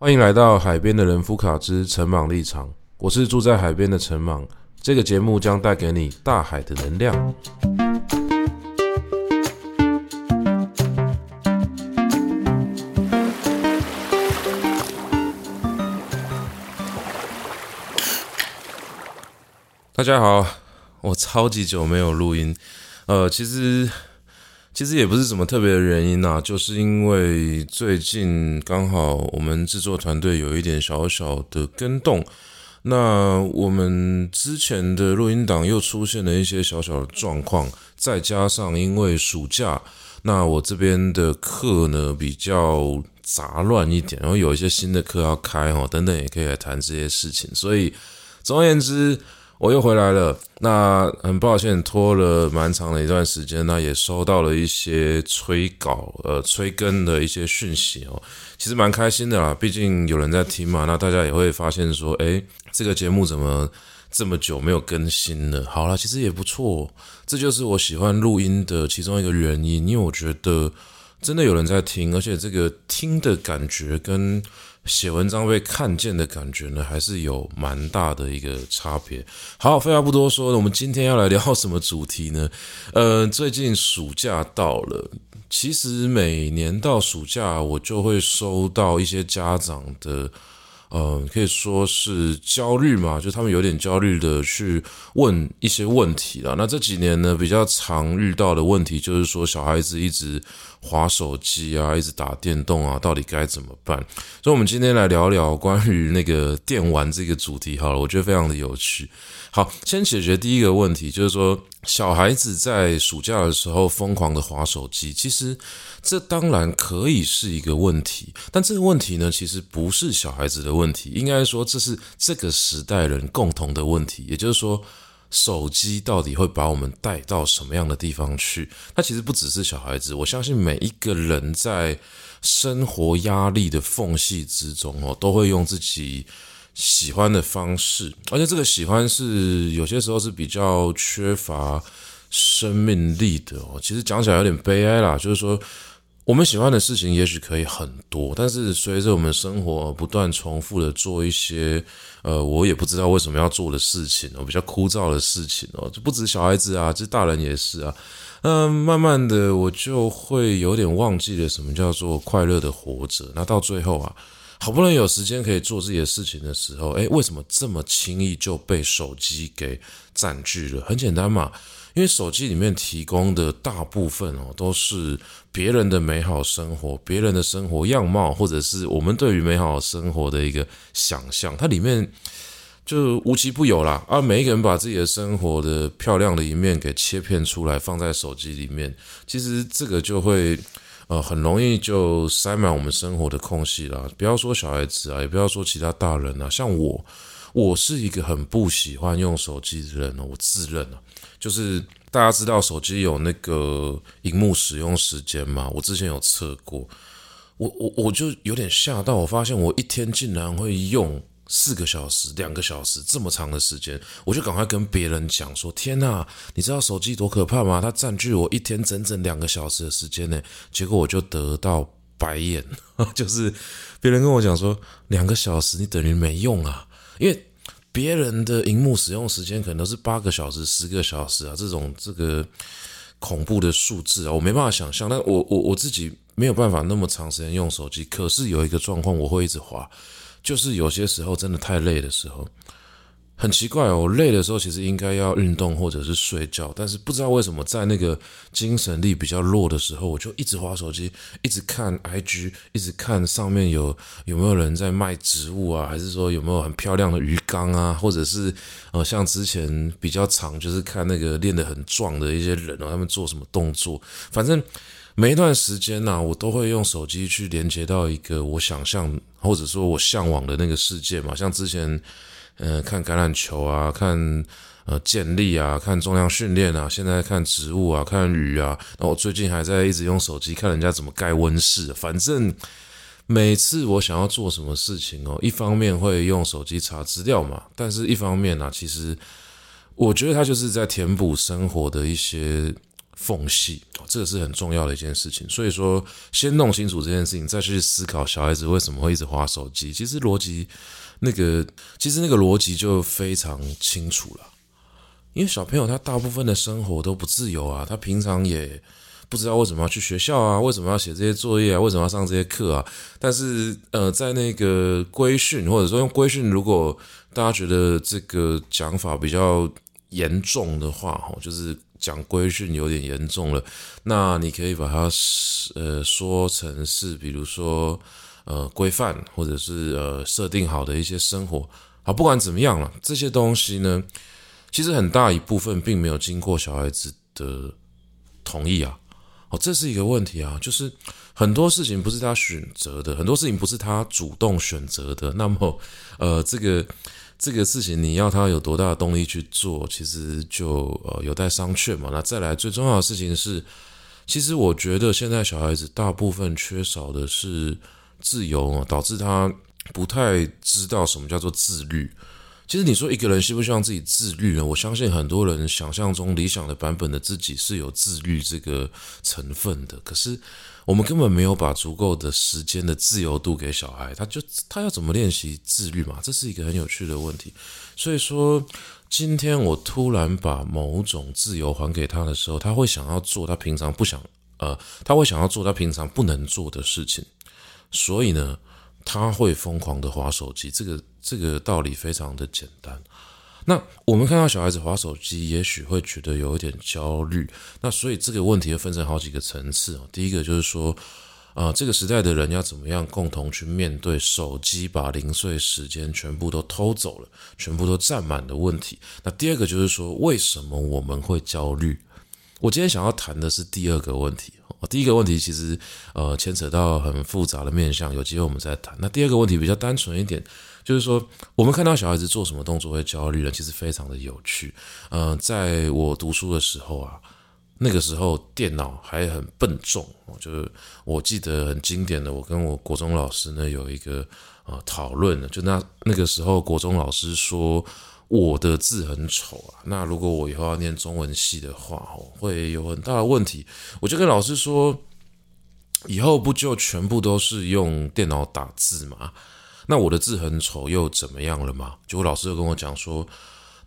歡迎來到海邊的人夫卡之陳茻立場，我是住在海邊的陳茻。這個節目將帶給你大海的能量。大家好，我超級久沒有錄音，呃，其實。其實也不是什麼特別的原因吶、啊，就是因為最近剛好我們製作團隊有一點小小的更動，那我們之前的錄音檔又出現了一些小小的狀況，再加上因為暑假，那我這邊的課呢比較雜亂一點，然後有一些新的課要開哈，等等也可以來談這些事情，所以總而言之。我又回來了，那很抱歉，拖了蠻長的一段時間呢，那也收到了一些催稿、呃催更的一些訊息哦，其實蠻開心的啦，畢竟有人在聽嘛，那大家也會發現說，誒，這個節目怎麼這麼久沒有更新了？好了，其實也不錯，哦，這就是我喜歡錄音的其中一個原因，因為我覺得真的有人在聽，而且這個聽的感覺跟寫文章被看見的感覺呢，還是有蠻大的一個差別。好，廢話不多說，我們今天要來聊什麼主題呢？呃，最近暑假到了，其實每年到暑假，我就會收到一些家長的。呃，可以說是焦慮嘛，就他們有點焦慮的去問一些問題了。那這幾年呢，比較常遇到的問題就是說，小孩子一直滑手機啊，一直打電動啊，到底該怎麼辦？所以，我們今天來聊聊關於那個電玩這個主題好了，我覺得非常的有趣。好，先解決第一個問題，就是說小孩子在暑假的時候瘋狂的滑手機，其實這當然可以是一個問題，但這個問題呢，其實不是小孩子的問題，應該說這是這個時代人共同的問題。也就是說，手機到底會把我們帶到什麼樣的地方去？那其實不只是小孩子，我相信每一個人在生活壓力的縫隙之中哦，都會用自己。喜歡的方式，而且這個喜歡是有些時候是比較缺乏生命力的哦。其實講起來有點悲哀啦，就是說我們喜歡的事情也許可以很多，但是隨着我們生活不斷重複的做一些，呃，我也不知道為什麼要做的事情我，哦，比較枯燥的事情哦，就不止小孩子啊，這大人也是啊。嗯，慢慢的我就會有點忘記了什麼叫做快樂的活着，那到最後啊。好不容易有時間可以做自己的事情的時候，哎，為什麼這麼輕易就被手機給佔據了？很簡單嘛，因為手機裡面提供的大部分哦，都是別人的美好生活、別人的生活樣貌，或者是我們對於美好生活的一個想象。它裡面就無奇不有啦啊！每一個人把自己的生活的漂亮的一面給切片出來，放在手機裡面，其實這個就會。呃，很容易就塞滿我們生活的空隙啦。不要說小孩子啊，也不要說其他大人啊。像我，我是一個很不喜歡用手機的人哦，我自認啊。就是大家知道手機有那個熒幕使用時間嘛？我之前有測過，我我我就有點嚇到，我發現我一天竟然會用。四個小時，兩個小時這麼長的時間，我就趕快跟別人講說：“天吶，你知道手機多可怕嗎？它佔據我一天整整兩個小時的時間呢。”結果我就得到白眼， 就是別人跟我講說：“兩個小時你等於沒用啊，因為別人的熒幕使用時間可能都是八個小時、十個小時啊，這種這個恐怖的數字啊，我沒辦法想象。那我我我自己沒有辦法那麼長時間用手機，可是有一個狀況，我會一直滑。”就是有些時候真的太累的時候，很奇怪哦。我累的時候其實應該要運動或者是睡覺，但是不知道為什麼在那個精神力比較弱的時候，我就一直滑手機，一直看 IG，一直看上面有有沒有人在賣植物啊，還是說有沒有很漂亮的魚缸啊，或者是呃像之前比較常就是看那個練得很壯的一些人哦、啊，他們做什麼動作。反正每一段時間呢，我都會用手機去連接到一個我想象。或者說我向往的那個世界嘛，像之前，嗯、呃，看橄欖球啊，看呃健力啊，看重量訓練啊，現在看植物啊，看魚啊，然後我最近還在一直用手機看人家怎麼蓋溫室。反正每次我想要做什麼事情哦，一方面會用手機查資料嘛，但是一方面啊，其實我覺得它就是在填補生活的一些。縫隙，這個是很重要的一件事情。所以說，先弄清楚這件事情，再去思考小孩子為什麼會一直滑手機。其實邏輯，那個其實那個邏輯就非常清楚了。因為小朋友他大部分的生活都不自由啊，他平常也不知道為什麼要去學校啊，為什麼要寫這些作業啊，為什麼要上這些課啊。但是呃，在那個規訓或者說用規訓，如果大家覺得這個講法比較嚴重的話，就是。講規訓有點嚴重了，那你可以把它呃說成是，比如說呃規範，或者是呃設定好的一些生活。好，不管怎麼樣了，這些東西呢，其實很大一部分並沒有經過小孩子的同意啊，哦，這是一個問題啊，就是很多事情不是他選擇的，很多事情不是他主動選擇的，那麼呃這個。這個事情你要他有多大的動力去做，其實就呃有待商榷嘛。那再來最重要的事情是，其實我覺得現在小孩子大部分缺少的是自由啊，導致他不太知道什麼叫做自律。其實你說一個人希不希望自己自律呢？我相信很多人想象中理想的版本的自己是有自律這個成分的，可是。我們根本沒有把足夠的時間的自由度給小孩，他就他要怎麼練習自律嘛？這是一個很有趣的問題。所以說，今天我突然把某種自由還給他的時候，他會想要做他平常不想呃，他會想要做他平常不能做的事情。所以呢，他會瘋狂地滑手機。這個這個道理非常的簡單。那我們看到小孩子滑手機，也許會覺得有一點焦慮。那所以這個問題又分成好幾個層次。第一個就是說，啊、呃，這個時代的人要怎麼樣共同去面對手機把零碎時間全部都偷走了，全部都占滿的問題。那第二個就是說，為什麼我們會焦慮？我今天想要談的是第二個問題。第一個問題其實呃牽扯到很複雜的面向，有機會我們再談。那第二個問題比較單純一點。就是說，我們看到小孩子做什麼動作會焦慮呢？其實非常的有趣。嗯、呃，在我讀書的時候啊，那個時候電腦還很笨重，就是我記得很經典的，我跟我國中老師呢有一個呃討論呢，就那那個時候國中老師說我的字很醜啊，那如果我以後要念中文系的話哦，會有很大的問題。我就跟老師說，以後不就全部都是用電腦打字嗎？那我的字很醜又怎麼樣了嘛？結果老師又跟我講說，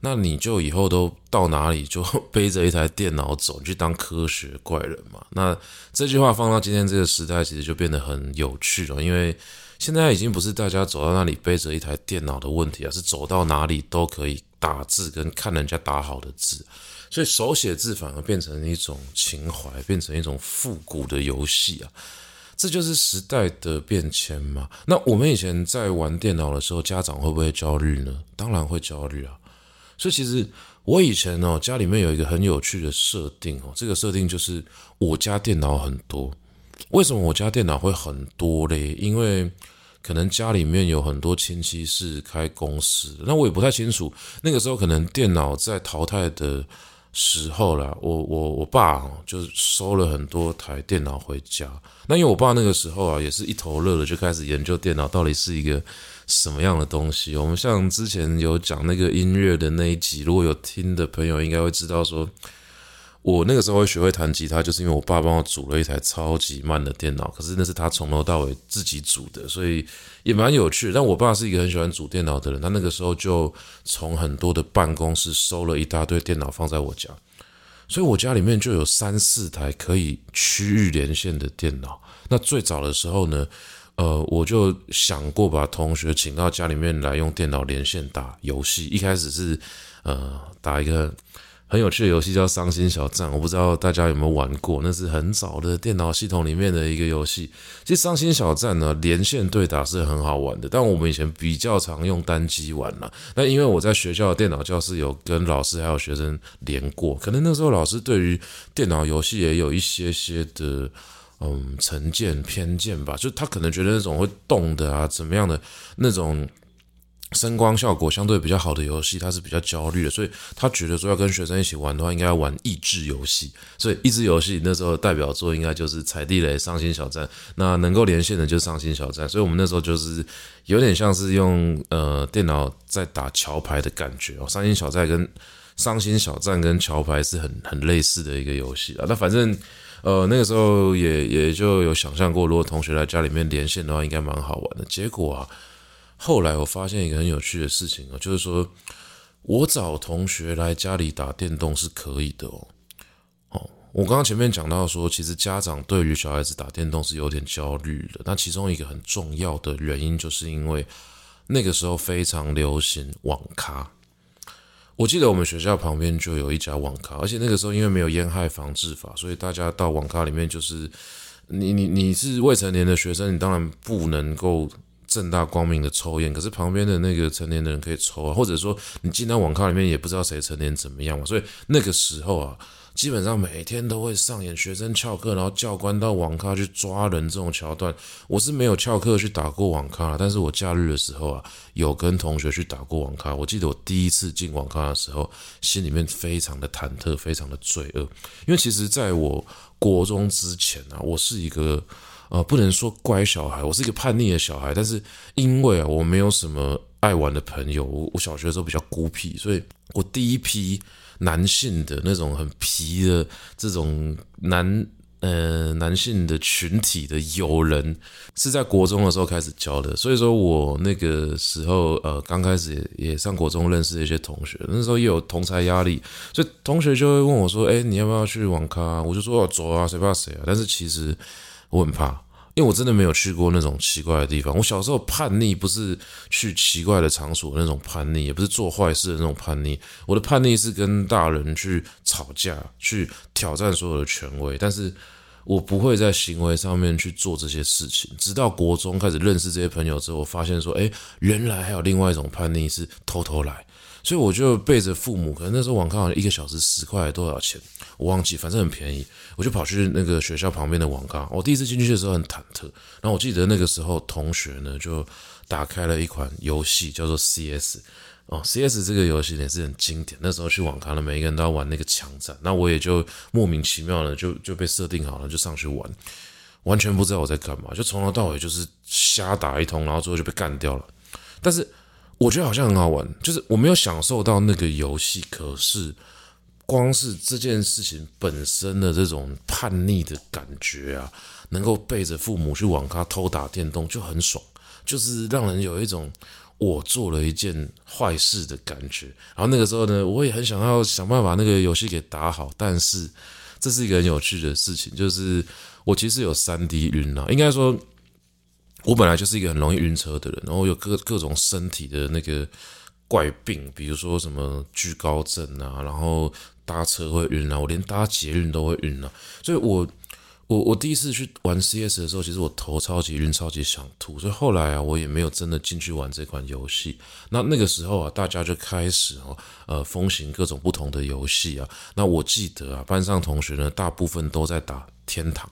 那你就以後都到哪裡就背着一台電腦走，你去當科學怪人嘛。那這句話放到今天這個時代，其實就變得很有趣了，因為現在已經不是大家走到那裡背着一台電腦的問題啊，是走到哪裡都可以打字跟看人家打好的字，所以手寫字反而變成一種情懷，變成一種復古的遊戲啊。這就是時代的變遷嘛。那我們以前在玩電腦的時候，家長會不會焦慮呢？當然會焦慮啊。所以其實我以前哦，家裡面有一個很有趣的設定哦，這個設定就是我家電腦很多。為什麼我家電腦會很多嘞？因為可能家裡面有很多親戚是開公司，那我也不太清楚。那個時候可能電腦在淘汰的時候了，我我我爸就收了很多台電腦回家。那因為我爸那個時候啊，也是一頭熱了，就開始研究電腦到底是一個什麼樣的東西。我們像之前有講那個音樂的那一集，如果有聽的朋友，應該會知道說。我那個時候會學會彈吉他，就是因為我爸幫我組了一台超級慢的電腦，可是那是他從頭到尾自己組的，所以也蠻有趣的。但我爸是一個很喜歡組電腦的人，他那個時候就從很多的辦公室收了一大堆電腦放在我家，所以我家裡面就有三四台可以區域連線的電腦。那最早的時候呢，呃，我就想過把同學請到家裡面來用電腦連線打遊戲。一開始是呃打一個。很有趣的遊戲叫《傷心小站》，我不知道大家有沒有玩過，那是很早的電腦系統裡面的一個遊戲。其實《傷心小站》呢，連線對打是很好玩的，但我們以前比較常用單機玩嘛。那因為我在學校的電腦教室有跟老師還有學生連過，可能那時候老師對於電腦遊戲也有一些些的，嗯，成見偏見吧，就他可能覺得那種會動的啊，怎麼樣的那種。聲光效果相對比較好的遊戲，他是比較焦慮的，所以他覺得說要跟學生一起玩的話，應該要玩益智遊戲。所以益智遊戲那時候代表作應該就是《踩地雷》、《傷心小站》，那能夠連線的就是《傷心小站》。所以我們那時候就是有點像是用呃電腦在打橋牌的感覺哦。《傷心小站》跟《傷心小站》跟橋牌是很很類似的一個遊戲啊。那反正呃那個時候也也就有想象過，如果同學來家裡面連線的話，應該蠻好玩的。結果啊。後來我發現一個很有趣的事情哦，就是說我找同學來家裡打電動是可以的哦。哦，我剛剛前面講到說，其實家長對於小孩子打電動是有點焦慮的。那其中一個很重要的原因，就是因為那個時候非常流行網咖。我記得我們學校旁邊就有一家網咖，而且那個時候因為沒有煙害防治法，所以大家到網咖裡面就是你你你是未成年的學生，你當然不能夠。正大光明的抽煙，可是旁邊的那個成年的人可以抽啊，或者說你進到網咖裡面也不知道誰成年怎麼樣嘛，所以那個時候啊，基本上每天都會上演學生翹課，然後教官到網咖去抓人這種橋段。我是沒有翹課去打過網咖，但是我假日的時候啊，有跟同學去打過網咖。我記得我第一次進網咖的時候，心裡面非常的忐忑，非常的罪惡，因為其實在我國中之前啊，我是一個。呃，不能說乖小孩，我是一個叛逆的小孩，但是因為啊，我沒有什麼愛玩的朋友，我，我小學的時候比較孤僻，所以我第一批男性的那種很皮的這種男呃男性的群體的友人是在國中的時候開始交的，所以說我那個時候呃剛開始也，也上國中認識一些同學，那時候也有同儕壓力，所以同學就會問我說，誒，你要不要去網咖？我就說啊走啊，誰怕誰啊！但是其實。我很怕，因為我真的沒有去過那種奇怪的地方。我小時候叛逆，不是去奇怪的場所的那種叛逆，也不是做壞事的那種叛逆。我的叛逆是跟大人去吵架，去挑戰所有的權威。但是我不會在行為上面去做這些事情。直到國中開始認識這些朋友之後，我發現說，哎、欸，原來還有另外一種叛逆是偷偷來。所以我就背着父母，可能那時候網咖好像一個小時十塊，多少錢？我忘記，反正很便宜，我就跑去那個學校旁邊的網咖。我第一次進去的時候很忐忑，然後我記得那個時候同學呢就打開了一款遊戲叫做 CS，哦 CS 這個遊戲也是很經典。那時候去網咖的每一個人都要玩那個槍戰，那我也就莫名其妙的就就被設定好了就上去玩，完全不知道我在幹嘛，就從頭到尾就是瞎打一通，然後最後就被幹掉了。但是我覺得好像很好玩，就是我沒有享受到那個遊戲，可是。光是這件事情本身的這種叛逆的感覺啊，能夠背着父母去網咖偷打電動就很爽，就是讓人有一種我做了一件壞事的感覺。然後那個時候呢，我也很想要想辦法把那個遊戲給打好，但是這是一個很有趣的事情，就是我其實有三 D 暈了啊，應該說，我本來就是一個很容易暈車的人，然後有各各種身體的那個怪病，比如說什麼懼高症啊，然後。搭車會暈啊，我連搭捷運都會暈啊，所以，我，我，我第一次去玩 CS 的時候，其實我頭超級暈，超級想吐，所以後來啊，我也沒有真的進去玩這款遊戲。那那個時候啊，大家就開始哦，呃，風行各種不同的遊戲啊。那我記得啊，班上同學呢，大部分都在打天堂。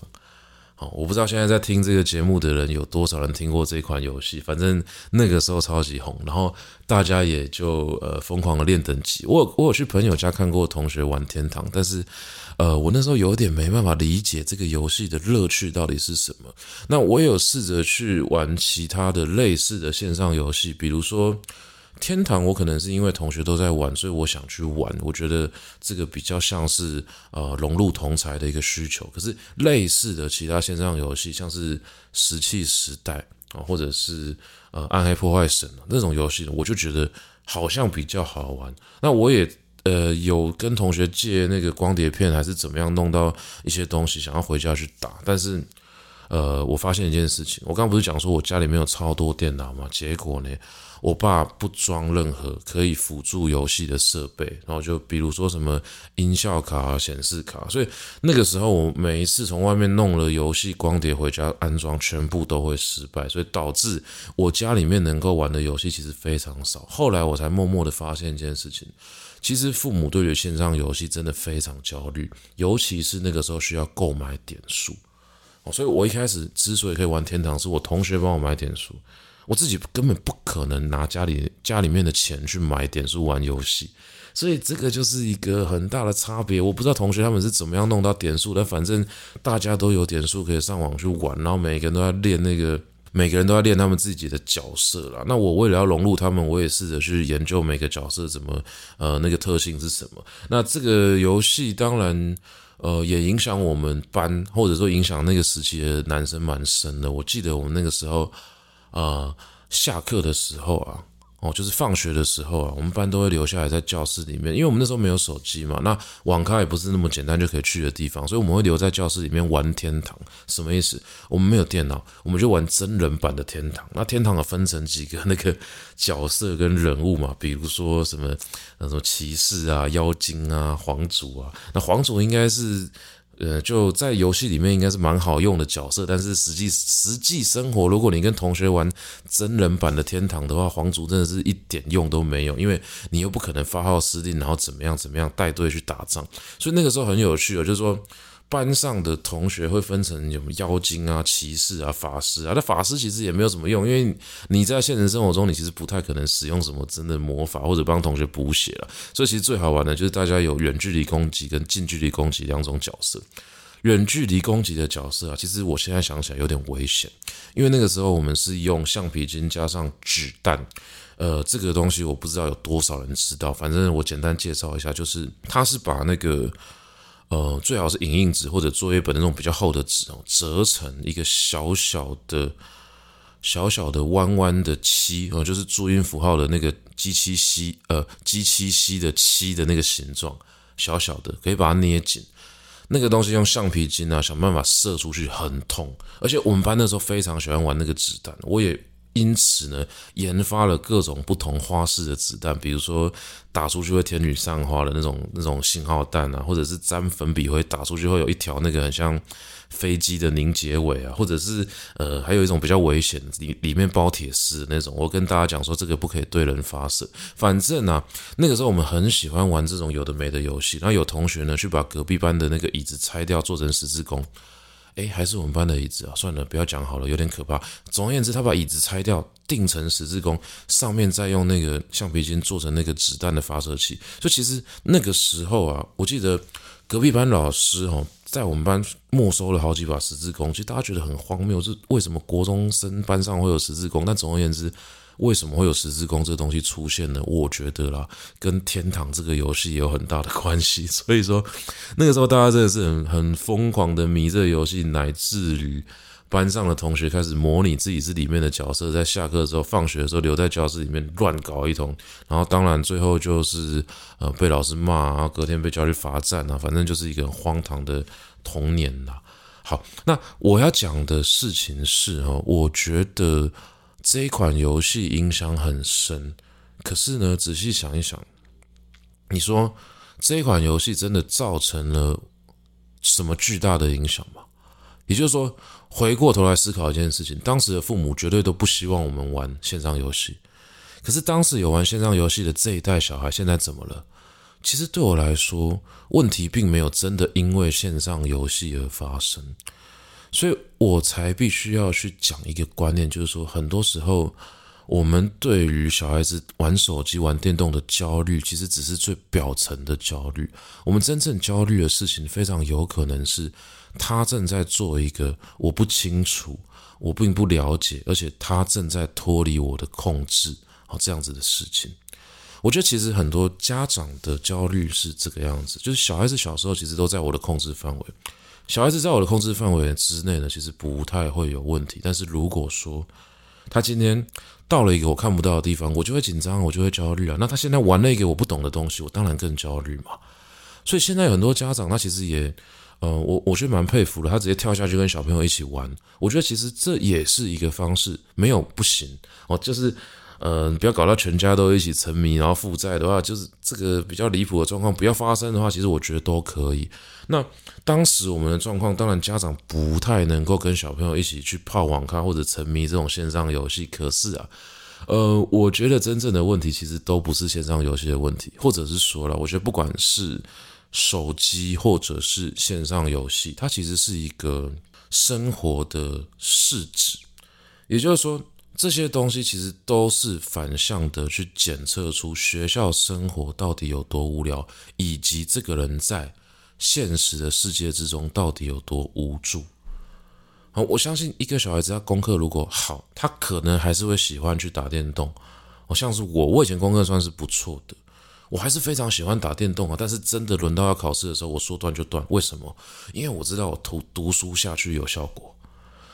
好，我不知道現在在聽這個節目的人有多少人聽過這款遊戲，反正那個時候超級紅，然後大家也就呃瘋狂的練等級。我有我有去朋友家看過同學玩天堂，但是呃我那時候有點沒辦法理解這個遊戲的樂趣到底是什麼。那我也有試着去玩其他的類似的線上遊戲，比如說，天堂，我可能是因為同學都在玩，所以我想去玩。我覺得這個比較像是呃融入同儕的一個需求。可是類似的其他線上遊戲，像是《石器時代》啊、呃，或者是呃《暗黑破壞神》啊那種遊戲，我就覺得好像比較好玩。那我也呃有跟同學借那個光碟片，還是怎麼樣弄到一些東西，想要回家去打。但是呃，我發現一件事情，我剛剛不是講說我家裡面有超多電腦嗎？結果呢？我爸不裝任何可以輔助遊戲的設備，然後就比如說什麼音效卡、顯示卡，所以那個時候我每一次從外面弄了遊戲光碟回家安裝，全部都會失敗，所以導致我家裡面能夠玩的遊戲其實非常少。後來我才默默地發現一件事情，其實父母對於線上遊戲真的非常焦慮，尤其是那個時候需要購買點數，所以我一開始之所以可以玩天堂，是我同學幫我買點數。我自己根本不可能拿家裡家裡面的錢去買點數玩遊戲，所以這個就是一個很大的差別。我不知道同學他們是怎麼樣弄到點數，但反正大家都有點數，可以上網去玩，然後每個人都要練那個，每個人都要練他們自己的角色了。那我為了要融入他們，我也試着去研究每個角色怎麼，呃，那個特性是什麼。那這個遊戲當然，呃，也影響我們班，或者說影響那個時期的男生蠻深的。我記得我們那個時候。呃，下課的時候啊，哦，就是放學的時候啊，我們班都會留下來在教室裡面，因為我們那時候沒有手機嘛，那網咖也不是那麼簡單就可以去的地方，所以我們會留在教室裡面玩天堂。什麼意思？我們沒有電腦，我們就玩真人版的天堂。那天堂啊，分成幾個那個角色跟人物嘛，比如說什麼，那種騎士啊、妖精啊、皇族啊。那皇族應該是。呃，就在遊戲裡面應該是蠻好用的角色，但是實際，實際生活，如果你跟同學玩真人版的《天堂》的話，皇族真的是一點用都沒有，因為你又不可能發號施令，然後怎麼樣怎麼樣帶隊去打仗，所以那個時候很有趣哦，就是說。班上的同學會分成什麼妖精啊、騎士啊、法師啊。那法師其實也沒有什麼用，因為你在現實生活中，你其實不太可能使用什麼真的魔法或者幫同學補血了。所以其實最好玩的就是大家有遠距離攻擊跟近距離攻擊兩種角色。遠距離攻擊的角色啊，其實我現在想起來有點危險，因為那個時候我們是用橡皮筋加上紙彈。呃，這個東西我不知道有多少人知道，反正我簡單介紹一下，就是他是把那個。呃，最好是影印紙或者作業本的那種比較厚的紙哦，折成一個小小的、小小的彎彎的“七”，哦，就是注音符號的那個 “g 七 c”，呃，“g 七 c” 的“七”的那個形狀，小小的，可以把它捏緊。那個東西用橡皮筋啊，想辦法射出去，很痛。而且我們班那時候非常喜歡玩那個子彈，我也。因此呢，研發了各種不同花式的子彈，比如說打出去會天女散花的那種、那種信號彈啊，或者是沾粉筆會打出去會有一條那個很像飛機的凝結尾啊，或者是呃還有一種比較危險，裡裡面包鐵絲的那種。我跟大家講說這個不可以對人發射。反正啊，那個時候我們很喜歡玩這種有的沒的遊戲。然後有同學呢去把隔壁班的那個椅子拆掉，做成十字弓。誒，還是我們班的椅子啊！算了，不要講好了，有點可怕。總而言之，他把椅子拆掉，釘成十字弓，上面再用那個橡皮筋做成那個子彈的發射器。所以其實那個時候啊，我記得隔壁班老師哦，在我們班沒收了好幾把十字弓，其實大家覺得很荒謬，是為什麼國中生班上會有十字弓？但總而言之。為什麼會有十字弓這個東西出現呢？我覺得啦，跟《天堂》這個遊戲有很大的關係。所以說，那個時候大家真的是很瘋狂的迷這個遊戲，乃至於班上的同學開始模擬自、自己是裡面的角色，在下課的時候、放學的時候留在教室裡面亂搞一通。然後，當然最後就是呃被老師罵，然後隔天被叫去罰站啊，反正就是一個很荒唐的童年啦、啊。好，那我要講的事情是啊，我覺得。這一款遊戲影響很深，可是呢，仔細想一想，你說這一款遊戲真的造成了什麼巨大的影響嗎？也就是說，回過頭來思考一件事情，當時的父母絕對都不希望我們玩線上遊戲，可是當時有玩線上遊戲的這一代小孩，現在怎麼了？其實對我來說，問題並沒有真的因為線上遊戲而發生。所以我才必須要去講一個觀念，就是說，很多時候我們對於小孩子玩手機、玩電動的焦慮，其實只是最表層的焦慮。我們真正焦慮的事情，非常有可能是他正在做一個我不清楚、我並不了解，而且他正在脫離我的控制。好，這樣子的事情。我覺得其實很多家長的焦慮是這個樣子，就是小孩子小時候其實都在我的控制範圍。小孩子在我的控制範圍之內呢，其實不太會有問題。但是如果說他今天到了一個我看不到的地方，我就會緊張，我就會焦慮啊。那他現在玩了一個我不懂的東西，我當然更焦慮嘛。所以現在有很多家長，他其實也，呃，我我覺得蠻佩服的。他直接跳下去跟小朋友一起玩，我覺得其實這也是一個方式，沒有不行。哦，就是，呃，不要搞到全家都一起沉迷，然後負債的話，就是這個比較離譜的狀況，不要發生的話，其實我覺得都可以。那當時我們的狀況，當然家長不太能夠跟小朋友一起去泡網咖或者沉迷這種線上遊戲。可是啊，呃，我覺得真正的問題其實都不是線上遊戲的問題，或者是說了，我覺得不管是手機或者是線上遊戲，它其實是一個生活的試紙，也就是說這些東西其實都是反向的去檢測出學校生活到底有多無聊，以及這個人在。現實的世界之中到底有多無助好？我相信一個小孩子，他功課如果好，他可能還是會喜歡去打電動。好像是我，我以前功課算是不錯的，我還是非常喜歡打電動啊。但是真的輪到要考試的時候，我說斷就斷。為什麼？因為我知道我讀讀書下去有效果。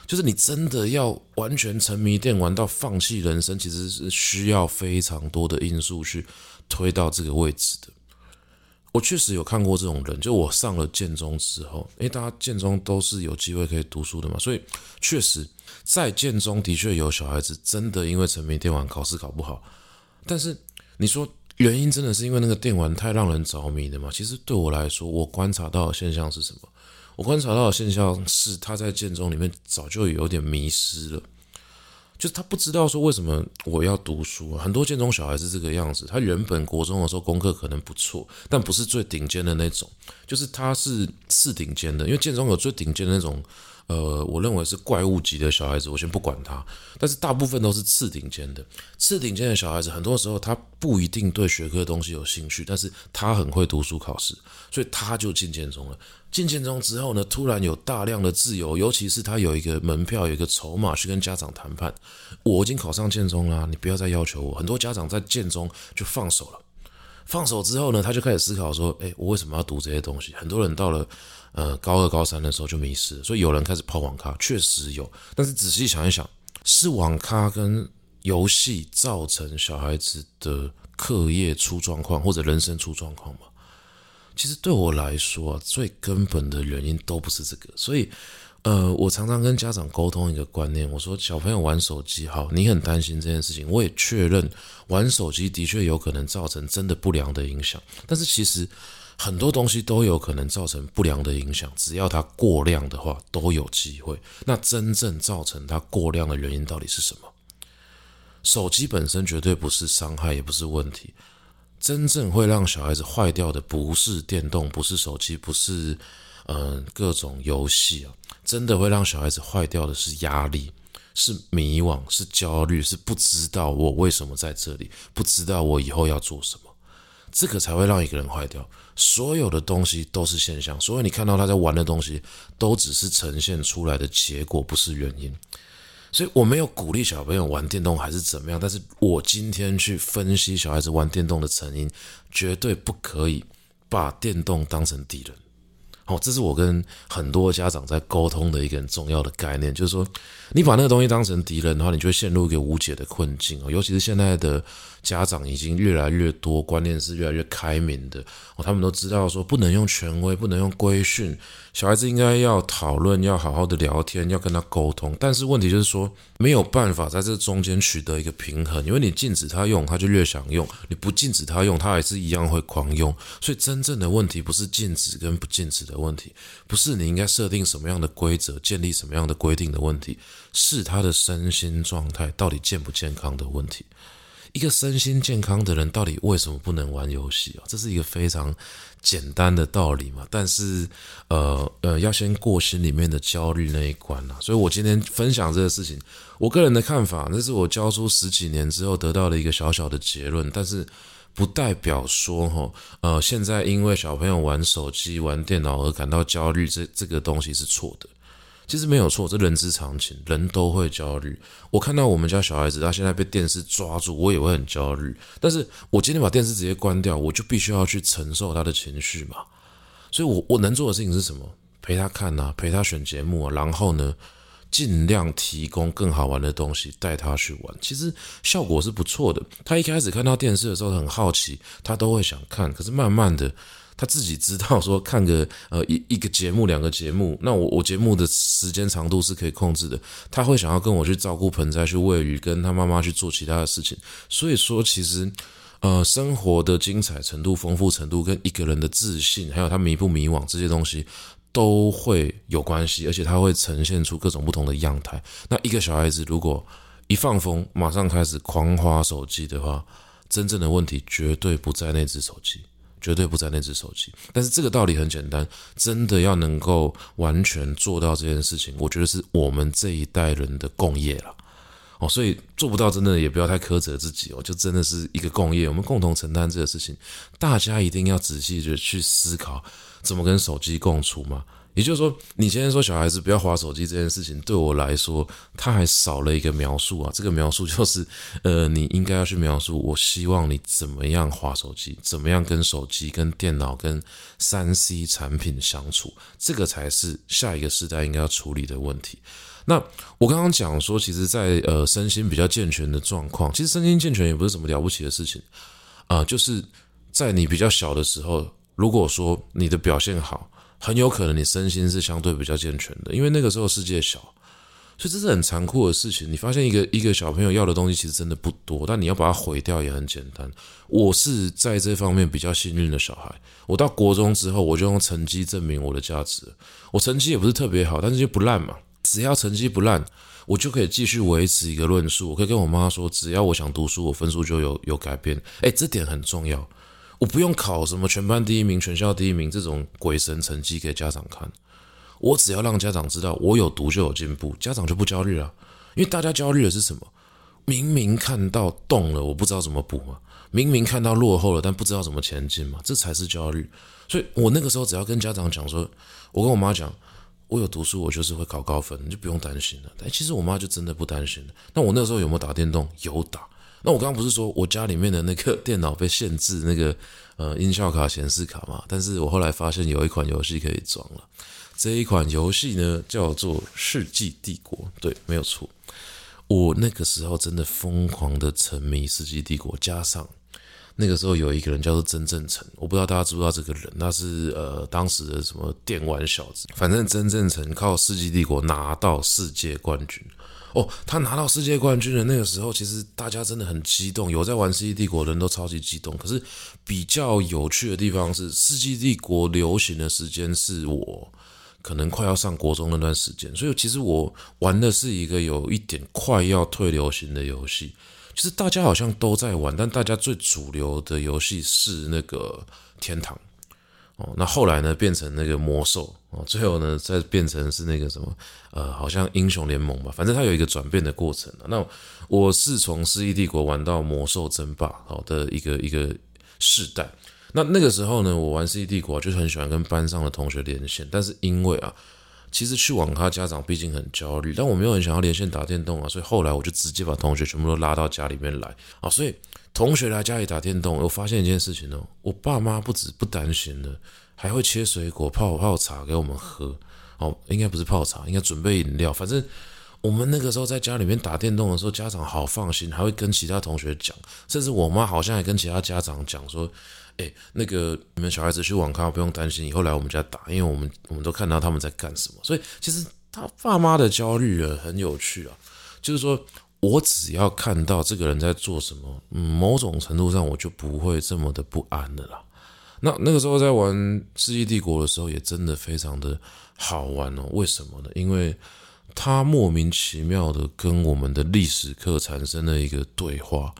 就是你真的要完全沉迷電玩到放棄人生，其實是需要非常多的因素去推到這個位置的。我確實有看過這種人，就我上了建中之後，因為大家建中都是有機會可以讀書的嘛，所以確實，在建中的確有小孩子真的因為沉迷電玩，考試考不好。但是你說原因真的是因為那個電玩太讓人着迷了嗎？其實對我來說，我觀察到的現象是什麼？我觀察到的現象是他在建中裡面早就有點迷失了。就是他不知道說為什麼我要讀書啊，很多建中小孩是這個樣子。他原本國中的時候功課可能不錯，但不是最頂尖的那種，就是他是次頂尖的。因為建中有最頂尖的那種，呃，我認為是怪物級的小孩子，我先不管他。但是大部分都是次頂尖的，次頂尖的小孩子，很多時候他不一定對學科的東西有興趣，但是他很會讀書考試，所以他就進建中了。進建中之後呢，突然有大量的自由，尤其是他有一個門票，有一個籌碼去跟家長談判。我已經考上建中啦，你不要再要求我。很多家長在建中就放手了，放手之後呢，他就開始思考說，哎，我為什麼要讀這些東西？很多人到了呃高二、高三的時候就迷失了，所以有人開始泡網咖，確實有。但是仔細想一想，是網咖跟遊戲造成小孩子的課業出狀況，或者人生出狀況嗎？其實對我來說啊，最根本的原因都不是這個，所以，呃，我常常跟家長溝通一個觀念，我說小朋友玩手機，好，你很擔心這件事情，我也確認玩手機的確有可能造成真的不良的影響，但是其實很多東西都有可能造成不良的影響，只要它過量的話都有機會。那真正造成它過量的原因到底是什麼？手機本身絕對不是傷害，也不是問題。真正會讓小孩子壞掉的，不是電動，不是手機，不是，嗯、呃，各種遊戲啊，真的會讓小孩子壞掉的是壓力，是迷惘，是焦慮，是不知道我為什麼在這裡，不知道我以後要做什麼，這個才會讓一個人壞掉。所有的東西都是現象，所以你看到他在玩的東西，都只是呈現出來的結果，不是原因。所以我沒有鼓勵小朋友玩電動還是怎麼樣，但是我今天去分析小孩子玩電動的成因，絕對不可以把電動當成敵人。好，這是我跟很多家長在溝通的一個很重要的概念，就是說。你把那個東西當成敵人的話，你就會陷入一個無解的困境。尤其是現在的家長已經越來越多，觀念是越來越開明的哦。他們都知道說不能用權威，不能用規訓，小孩子應該要討論，要好好的聊天，要跟他溝通。但是問題就是說沒有辦法在這中間取得一個平衡，因為你禁止他用，他就越想用；你不禁止他用，他還是一樣會狂用。所以真正的問題不是禁止跟不禁止的問題，不是你應該設定什麼樣的規則、建立什麼樣的規定的問題。是他的身心狀態到底健不健康的問題。一個身心健康的人到底為什麼不能玩遊戲啊？這是一個非常簡單的道理嘛。但是，呃呃，要先過心裡面的焦慮那一關啦。所以我今天分享這個事情，我個人的看法，那是我教書十幾年之後得到的一個小小的結論。但是，不代表說、哦，呃，現在因為小朋友玩手機、玩電腦而感到焦慮，這這個東西是錯的。其實沒有錯，這人之常情，人都會焦慮。我看到我們家小孩子，他現在被電視抓住，我也會很焦慮。但是我今天把電視直接關掉，我就必須要去承受他的情緒嘛。所以我，我我能做的事情是什麼？陪他看啊，陪他選節目啊，然後呢，盡量提供更好玩的東西，帶他去玩。其實效果是不錯的。他一開始看到電視的時候很好奇，他都會想看。可是慢慢的。他自己知道說，看個呃一一個節目兩個節目，那我我節目的時間長度是可以控制的。他會想要跟我去照顧盆栽、去餵魚，跟他媽媽去做其他的事情。所以說其實呃生活的精彩程度、豐富程度跟一個人的自信，還有他迷不迷惘這些東西都會有關係，而且他會呈現出各種不同的樣態。那一個小孩子如果一放風馬上開始狂滑手機的話，真正的問題絕對不在那只手機，絕對不在那支手機，但是這個道理很簡單，真的要能夠完全做到這件事情，我覺得是我們這一代人的共業了，哦，所以做不到真的也不要太苛責自己哦，就真的是一個共業，我們共同承擔這個事情，大家一定要仔細去思考怎麼跟手機共處嗎。也就是說，你今天說小孩子不要滑手機這件事情，對我來說，他還少了一個描述啊。這個描述就是，呃，你應該要去描述，我希望你怎麼樣滑手機，怎麼樣跟手機、跟電腦、跟三 C 產品相處，這個才是下一個世代應該要處理的問題。那我剛剛講說，其實在，在呃身心比較健全的狀況，其實身心健全也不是什麼了不起的事情啊、呃，就是在你比較小的時候，如果說你的表現好。很有可能你身心是相對比較健全的，因為那個時候世界小，所以這是很殘酷的事情。你發現一個一個小朋友要的東西其實真的不多，但你要把它毀掉也很簡單。我是在這方面比較幸運的小孩。我到國中之後，我就用成績證明我的價值。我成績也不是特別好，但是就不爛嘛。只要成績不爛，我就可以繼續維持一個論述。我可以跟我媽說，只要我想讀書，我分數就有有改變。欸，這點很重要。我不用考什麼全班第一名，全校第一名這種鬼神成績給家長看，我只要讓家長知道我有讀就有進步，家長就不焦慮了啊。因為大家焦慮的是什麼？明明看到動了，我不知道怎麼補嘛；明明看到落後了，但不知道怎麼前進嘛。這才是焦慮。所以我那個時候只要跟家長講說，我跟我媽講，我有讀書，我就是會考高分，你就不用擔心了。但其實我媽就真的不擔心了。那我那個時候有沒有打電動？有打。那我剛剛不是說我家裡面的那個電腦被限制那個呃音效卡、顯示卡嘛？但是我後來發現有一款遊戲可以裝了。這一款遊戲呢叫做《世紀帝國》，對，沒有錯。我那個時候真的瘋狂的沉迷《世紀帝國》，加上那個時候有一個人叫做曾政承，我不知道大家知不知道這個人，那是呃當時的什麼電玩小子。反正曾政承靠《世紀帝國》拿到世界冠軍。哦，他拿到世界冠軍的那個時候，其實大家真的很激動，有在玩《世紀帝國》的人都超級激動。可是比較有趣的地方是，《世紀帝國》流行的時間是我可能快要上國中那段時間，所以其實我玩的是一個有一點快要退流行的遊戲。其實大家好像都在玩，但大家最主流的遊戲是那個《天堂》哦。那後來呢，變成那個《魔獸》。哦，最後呢，再變成是那個什麼，呃，好像英雄聯盟吧，反正它有一個轉變的過程啊，那我是從《世紀帝國》玩到《魔獸爭霸》好的一個一個世代。那那個時候呢，我玩《世紀帝國》啊，就是很喜歡跟班上的同學連線，但是因為啊，其實去網咖家長畢竟很焦慮，但我沒有很想要連線打電動啊，所以後來我就直接把同學全部都拉到家裡面來啊。所以同學來家裡打電動，我發現一件事情哦，我爸媽不止不擔心呢。還會切水果泡泡茶給我們喝，哦，應該不是泡茶，應該準備飲料。反正我們那個時候在家裡面打電動的時候，家長好放心，還會跟其他同學講，甚至我媽好像還跟其他家長講說：“哎、欸，那個你們小孩子去網咖不用擔心，以後來我們家打，因為我們我們都看到他們在幹什麼。”所以其實他爸媽的焦慮也很有趣啊，就是說我只要看到這個人在做什麼、嗯，某種程度上我就不會這麼的不安了啦。那那個時候在玩《世紀帝國》的時候，也真的非常的好玩哦。為什麼呢？因為它莫名其妙的跟我們的歷史課產生了一個對話。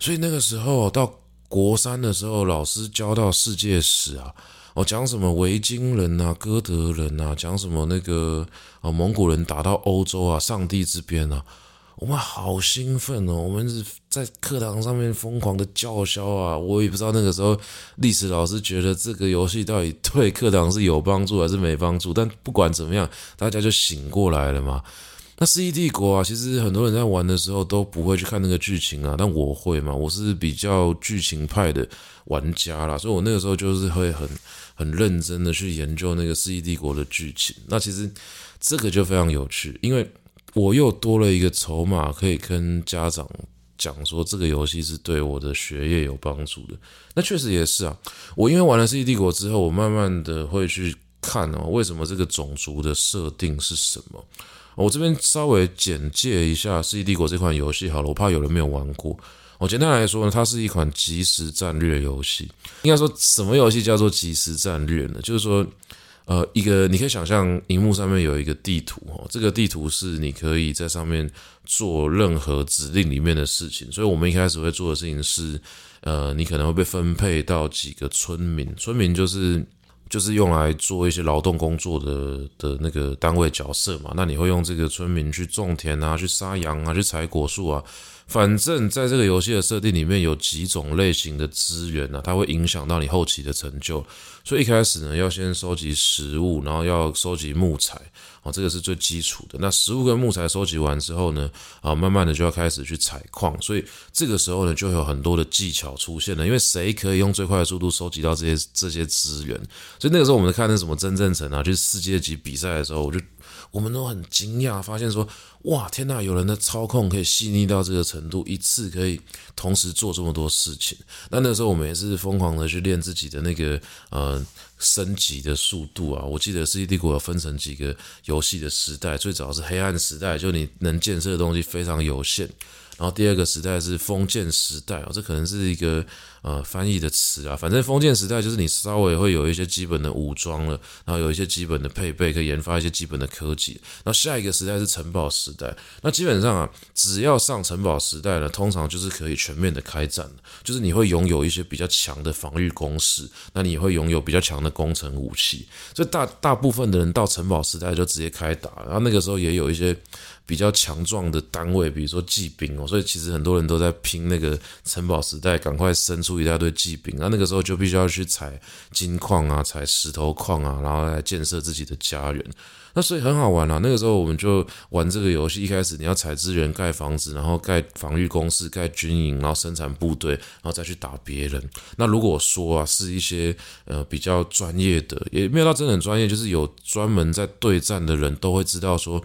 所以那個時候到國三的時候，老師教到世界史啊，哦，講什麼維京人啊、哥德人啊，講什麼那個啊、哦、蒙古人打到歐洲啊、上帝之鞭啊。我們好興奮哦！我們是在課堂上面瘋狂的叫囂啊！我也不知道那個時候歷史老師覺得這個遊戲到底對課堂是有幫助還是沒幫助。但不管怎麼樣，大家就醒過來了嘛。那《世紀帝國》啊，其實很多人在玩的時候都不會去看那個劇情啊，但我會嘛，我是比較劇情派的玩家啦，所以我那個時候就是會很很認真的去研究那個《世紀帝國》的劇情。那其實這個就非常有趣，因為我又多了一個籌碼，可以跟家長講說這個遊戲是對我的學業有幫助的。那確實也是啊，我因為玩了《世紀帝國》之後，我慢慢的會去看哦，為什麼這個種族的設定是什麼。哦，我這邊稍微簡介一下《世紀帝國》這款遊戲好了，我怕有人沒有玩過。我，哦，簡單來說呢，它是一款即時戰略遊戲。應該說什麼遊戲叫做即時戰略呢？就是說。呃，一個你可以想象，熒幕上面有一個地圖，這個地圖是你可以在上面做任何指令裡面的事情。所以我們一開始會做的事情是，呃，你可能會被分配到幾個村民，村民就是。就是用來做一些勞動工作的的那個單位角色嘛？那你會用這個村民去種田啊，去殺羊啊，去採果樹啊。反正在這個遊戲的設定裡面有幾種類型的資源呢，啊，它會影響到你後期的成就。所以一開始呢，要先收集食物，然後要收集木材，啊，這個是最基礎的。那食物跟木材收集完之後呢，啊，慢慢的就要開始去採礦。所以這個時候呢，就會有很多的技巧出現了，因為誰可以用最快的速度收集到這些這些資源？所以那個時候我們看那什麼真正城啊，就是世界級比賽的時候，我就我們都很驚訝，發現說哇天哪，有人的操控可以細膩到這個程度，一次可以同時做這麼多事情。但那那時候我們也是瘋狂的去練自己的那個呃升級的速度啊。我記得《世紀帝國》分成幾個遊戲的時代，最早是黑暗時代，就你能建設的東西非常有限。然後第二個時代是封建時代，這可能是一個呃翻譯的詞啊，反正封建時代就是你稍微會有一些基本的武裝了，然後有一些基本的配備，可以研發一些基本的科技。那下一個時代是城堡時代，那基本上啊，只要上城堡時代呢，通常就是可以全面的開戰了，就是你會擁有一些比較強的防禦工事，那你會擁有比較強的工程武器，所以大大部分的人到城堡時代就直接開打，然後那個時候也有一些，比較強壯的單位，比如說騎兵哦，所以其實很多人都在拼那個城堡時代，趕快生出一大堆騎兵。那那個時候就必須要去採金礦啊，採石頭礦啊，然後來建設自己的家園。那所以很好玩啊。那個時候我們就玩這個遊戲，一開始你要採資源、蓋房子，然後蓋防禦工事、蓋軍營，然後生產部隊，然後再去打別人。那如果說啊，是一些呃比較專業的，也沒有到真的很專業，就是有專門在對戰的人都會知道說。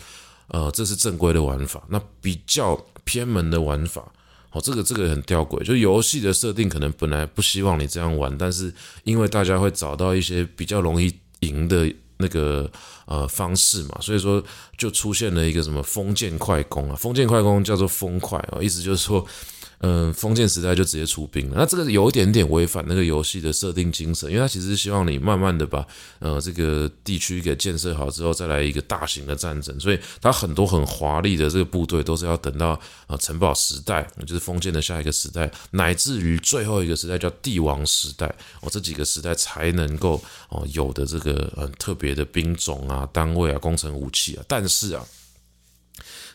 呃，這是正規的玩法。那比較偏門的玩法，哦，這個這個很弔詭，就遊戲的設定可能本來不希望你這樣玩，但是因為大家會找到一些比較容易贏的那個呃方式嘛，所以說就出現了一個什麼封建快攻啊，封建快攻叫做封快哦，意思就是說。嗯，封建時代就直接出兵了，那這個有一點點違反那個遊戲的設定精神，因為它其實是希望你慢慢的把呃這個地區給建設好之後，再來一個大型的戰爭，所以它很多很華麗的這個部隊都是要等到呃城堡時代，就是封建的下一個時代，乃至於最後一個時代叫帝王時代，哦，這幾個時代才能夠哦有的這個嗯特別的兵種啊、單位啊、工程武器啊，但是啊。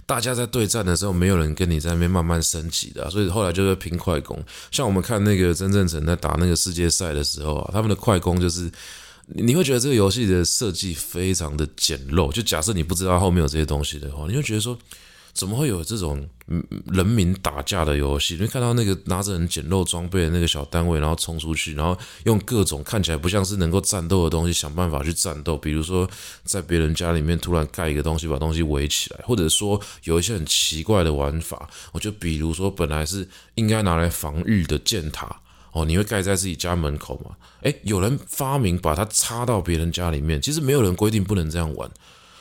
大家在對戰的時候，沒有人跟你在那邊慢慢升級的啊，所以後來就會拼快攻。像我們看那個曾政承在打那個世界賽的時候啊，他們的快攻就是，你，你會覺得這個遊戲的設計非常的簡陋。就假設你不知道後面有這些東西的話，你會覺得說。怎麼會有這種人民打架的遊戲？因為看到那個拿着很簡陋裝備的那個小單位，然後衝出去，然後用各種看起來不像是能夠戰鬥的東西想辦法去戰鬥。比如說，在別人家裡面突然蓋一個東西，把東西圍起來，或者說有一些很奇怪的玩法。我就比如說，本來是應該拿來防禦的箭塔，哦，你會蓋在自己家門口嗎？誒，有人發明把它插到別人家裡面，其實沒有人規定不能這樣玩。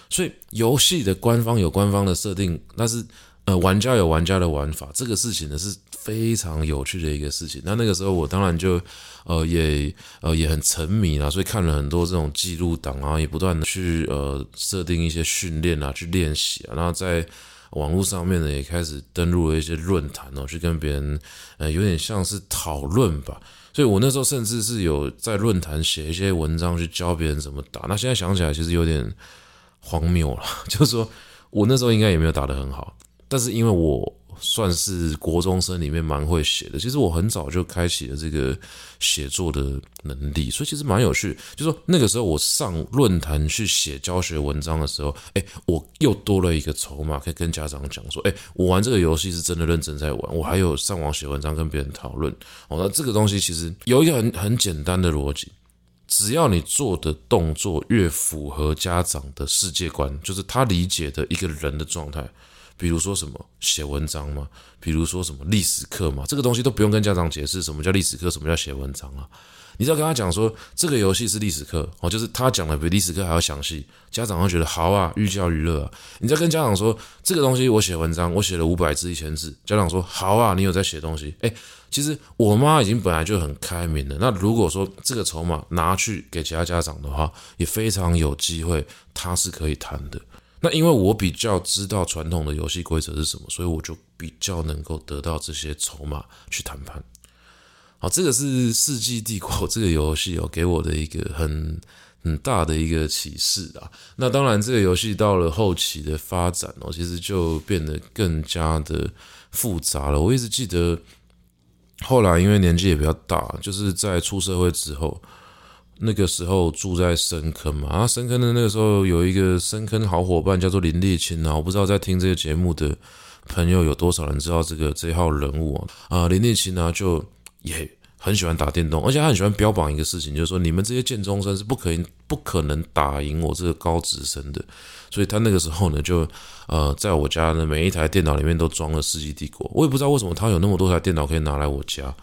所以遊戲的官方有官方的設定，但是呃玩家有玩家的玩法，這個事情呢是非常有趣的一個事情。那那個時候我當然就呃也呃也很沉迷啊。所以看了很多這種記錄檔啊，也不斷的去呃設定一些訓練啊，去練習啊。然後在網絡上面呢，也開始登錄了一些論壇哦、啊，去跟別人呃有點像是討論吧。所以我那時候甚至是有在論壇寫一些文章去教別人怎麼打。那現在想起來其實有點。荒謬了，就是說我那時候應該也沒有打得很好，但是因為我算是國中生裡面蠻會寫的，其實我很早就開啟了這個寫作的能力，所以其實蠻有趣。就是說那個時候我上論壇去寫教學文章的時候，哎，我又多了一個籌碼，可以跟家長講說，哎，我玩這個遊戲是真的認真在玩，我還有上網寫文章跟別人討論。哦，那這個東西其實有一個很很簡單的邏輯。只要你做的動作越符合家長的世界觀，就是他理解的一個人的狀態，比如說什麼，寫文章嗎？比如說什麼，歷史課嗎？這個東西都不用跟家長解釋，什麼叫歷史課，什麼叫寫文章啊。你再跟他講說這個遊戲是歷史課哦,就是他講的比歷史課還要詳細,家長會覺得好啊,寓教於樂啊。你再跟家長說這個東西,我寫文章,我寫了五百字、一千字,家長說好啊,你有在寫東西。誒、欸。其實我媽已經本來就很開明了。那如果說這個籌碼拿去給其他家長的話,也非常有機會,他是可以談的。那因為我比較知道傳統的遊戲規則是什麼,所以我就比較能夠得到這些籌碼去談判。好，這個是《世紀帝國》這個遊戲哦，給我的一個很很大的一個啟示啊。那當然，這個遊戲到了後期的發展哦，其實就變得更加的複雜了。我一直記得，後來因為年紀也比較大，就是在出社會之後，那個時候住在深坑嘛啊，深坑的那個時候有一個深坑好夥伴叫做林立清啊。我不知道在聽這個節目的朋友有多少人知道這個這一號人物啊？啊，林立清呢、啊、就。也、yeah，很喜歡打電動，而且他很喜歡標榜一個事情，就是說你們這些建中生是不可能不可能打贏我這個高職生的。所以，他那個時候呢，就呃，在我家呢，每一台電腦裡面都裝了《世紀帝國》。我也不知道為什麼他有那麼多台電腦可以拿來我家。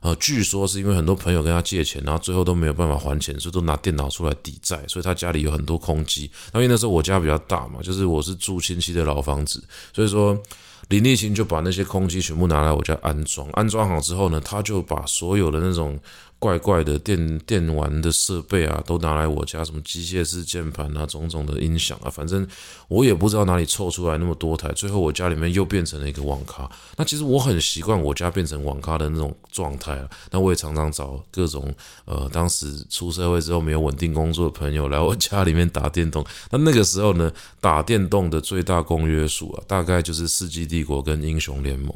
呃，據說是因為很多朋友跟他借錢，然後最後都沒有辦法還錢，所以都拿電腦出來抵債，所以他家裡有很多空機。因為那時候我家比較大嘛，就是我是住親戚的老房子，所以說。林立新就把那些空機全部拿來我家安裝，安裝好之後呢，他就把所有的那種。怪怪的電電玩的設備啊，都拿來我家，什麼機械式鍵盤啊，種種的音響啊，反正我也不知道哪裡湊出來那麼多台。最後我家裡面又變成了一個網咖。那其實我很習慣我家變成網咖的那種狀態了、啊。那我也常常找各種呃，當時出社會之後沒有穩定工作的朋友來我家裡面打電動。那那個時候呢，打電動的最大公約數啊，大概就是《世紀帝國》跟《英雄聯盟》。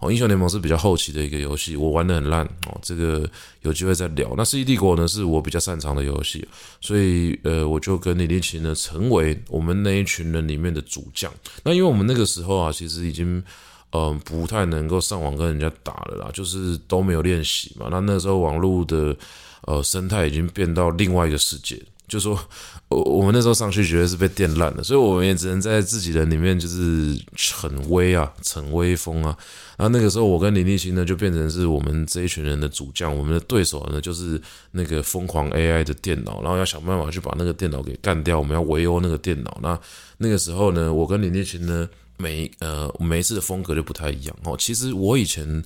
哦，《英雄聯盟》是比較後期的一個遊戲，我玩得很爛哦。這個有機會。再會聊。那《世紀帝國》呢，是我比較擅長的遊戲，所以呃，我就跟你一起呢，成為我們那一群人裡面的主將。那因為我們那個時候啊，其實已經嗯、呃、不太能夠上網跟人家打了啦，就是都沒有練習嘛。那那時候網絡的呃生態已經變到另外一個世界。就說，我我們那時候上去絕對是被電爛的，所以我們也只能在自己人裡面，就是逞威啊，逞威風啊。然後那個時候，我跟林立群呢就變成是我們這一群人的主將，我們的對手呢就是那個瘋狂 AI 的電腦，然後要想辦法去把那個電腦給幹掉，我們要圍毆那個電腦。那那個時候呢，我跟林立群呢每呃每一次的風格就不太一樣哦。其實我以前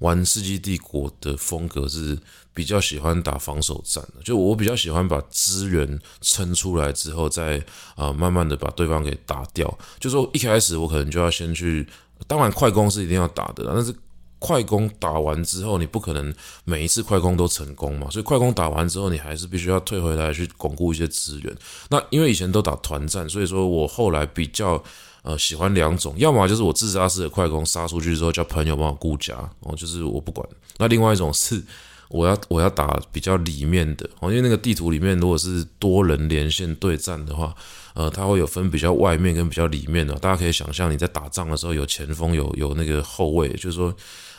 玩《世紀帝國》的風格是。比較喜歡打防守戰，就我比較喜歡把資源撐出來之後再，再、呃、啊慢慢的把對方給打掉。就說一開始我可能就要先去，當然快攻是一定要打的啦，但是快攻打完之後，你不可能每一次快攻都成功嘛，所以快攻打完之後，你還是必須要退回來去鞏固一些資源。那因為以前都打團戰，所以說我後來比較呃喜歡兩種，要麼就是我自殺式的快攻，殺出去之後叫朋友幫我顧家，哦，就是我不管。那另外一種是。我要我要打比較裡面的，因為那個地圖裡面，如果是多人連線對戰的話，呃，它會有分比較外面跟比較裡面的。大家可以想象你在打仗的時候有，有前鋒，有有那個後衛，就是說。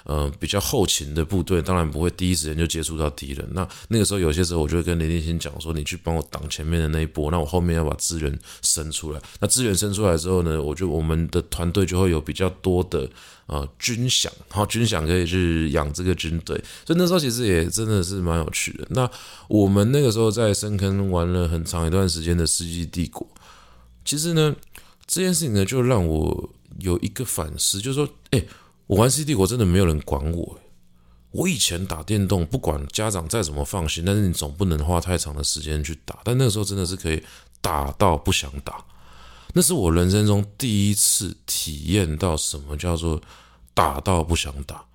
呃，比較後勤的部隊當然不會第一時間就接觸到敵人。那那個時候，有些時候我就會跟林立新講說：“你去幫我擋前面的那一波，那我後面要把資源生出來。那資源生出來之後呢，我覺得我們的團隊就會有比較多的呃軍餉，然後軍餉可以去養這個軍隊。所以那時候其實也真的是蠻有趣的。那我們那個時候在深坑玩了很長一段時間的世紀帝國，其實呢，這件事情呢，就讓我有一個反思，就是說，哎、欸。我玩世紀帝國，我真的沒有人管我。我以前打電動，不管家長再怎麼放心，但是你總不能花太長的時間去打。但那個時候真的是可以打到不想打，那是我人生中第一次體驗到什麼叫做打到不想打。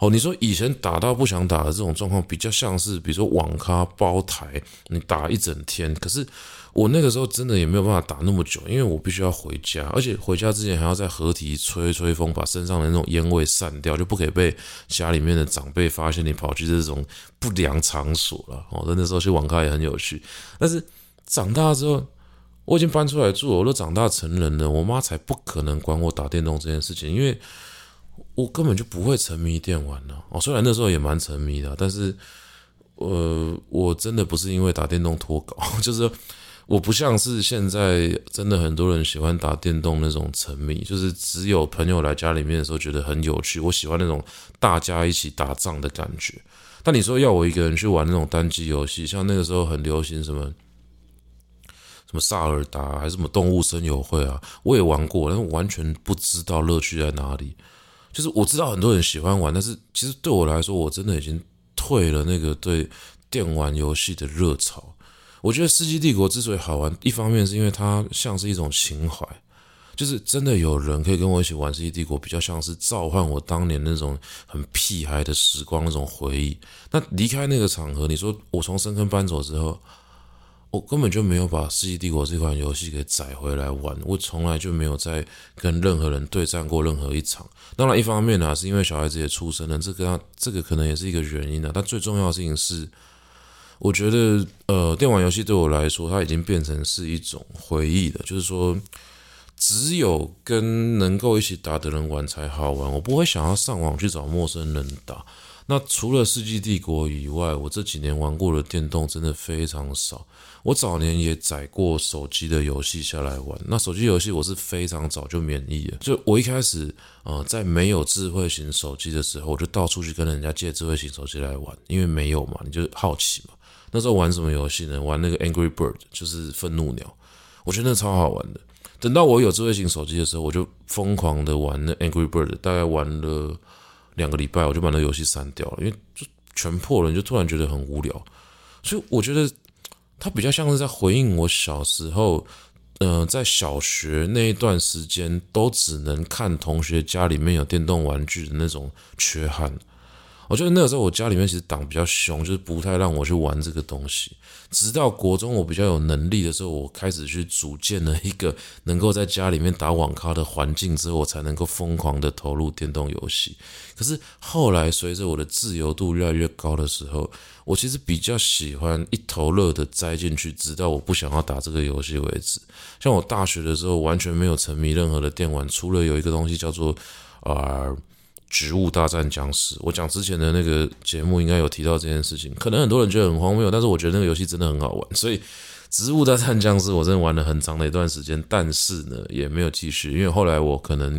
哦，你說以前打到不想打的這種狀況，比較像是比如說網咖包台，你打一整天。可是我那個時候真的也沒有辦法打那麼久，因為我必須要回家，而且回家之前還要在河堤吹吹風，把身上的那種煙味散掉，就不可以被家裡面的長輩發現你跑去這種不良場所了。哦，那那時候去網咖也很有趣。但是長大之後，我已經搬出來住了，我都長大成人了，我媽才不可能管我打電動這件事情，因為。我根本就不會沉迷電玩了、啊哦。雖然那時候也蠻沉迷的、啊，但是，呃，我真的不是因為打電動拖稿，就是我不像是現在真的很多人喜歡打電動那種沉迷，就是只有朋友來家裡面的時候覺得很有趣。我喜歡那種大家一起打仗的感覺。但你說要我一個人去玩那種單機遊戲，像那個時候很流行什麼什麼薩爾達、啊，還是什麼動物森友會啊，我也玩過，但我完全不知道樂趣在哪裡。就是我知道很多人喜歡玩，但是其實對我來說，我真的已經退了那個對電玩遊戲的熱潮。我覺得《世紀帝國》之所以好玩，一方面是因為它像是一種情懷，就是真的有人可以跟我一起玩《世紀帝國》，比較像是召喚我當年那種很屁孩的時光那種回憶。那離開那個場合，你說我從深坑搬走之後。我根本就沒有把《世紀帝國》這款遊戲給載回來玩，我從來就沒有在跟任何人對戰過任何一場。當然，一方面呢、啊，是因為小孩子也出生了，這個這個可能也是一個原因了、啊。但最重要的事情是，我覺得呃，電玩遊戲對我來說，它已經變成是一種回憶了。就是說，只有跟能夠一起打的人玩才好玩。我不會想要上網去找陌生人打。那除了《世紀帝國》以外，我這幾年玩過的電動真的非常少。我早年也載過手機的遊戲下來玩，那手機遊戲我是非常早就免疫了。就我一開始呃，在沒有智慧型手機的時候，我就到處去跟人家借智慧型手機來玩，因為沒有嘛，你就好奇嘛。那時候玩什麼遊戲呢？玩那個 Angry Bird，就是憤怒鳥，我覺得那超好玩的。等到我有智慧型手機的時候，我就瘋狂的玩那 Angry Bird，大概玩了兩個禮拜，我就把那遊戲刪掉了，因為就全破了，你就突然覺得很無聊。所以我覺得。他比較像是在回應我小時候，呃，在小學那一段時間，都只能看同學家裡面有電動玩具的那種缺憾。我覺得那個時候我家裡面其實擋比較兇，就是不太讓我去玩這個東西。直到國中我比較有能力的時候，我開始去組建了一個能夠在家裡面打網咖的環境之後，我才能夠瘋狂的投入電動遊戲。可是後來隨着我的自由度越來越高的時候，我其實比較喜歡一頭熱的栽進去，直到我不想要打這個遊戲為止。像我大學的時候完全沒有沉迷任何的電玩，除了有一個東西叫做啊。呃植物大戰殭屍，我講之前的那個節目應該有提到這件事情，可能很多人覺得很荒謬，但是我覺得那個遊戲真的很好玩，所以植物大戰殭屍我真的玩了很長的一段時間，但是呢也沒有繼續，因為後來我可能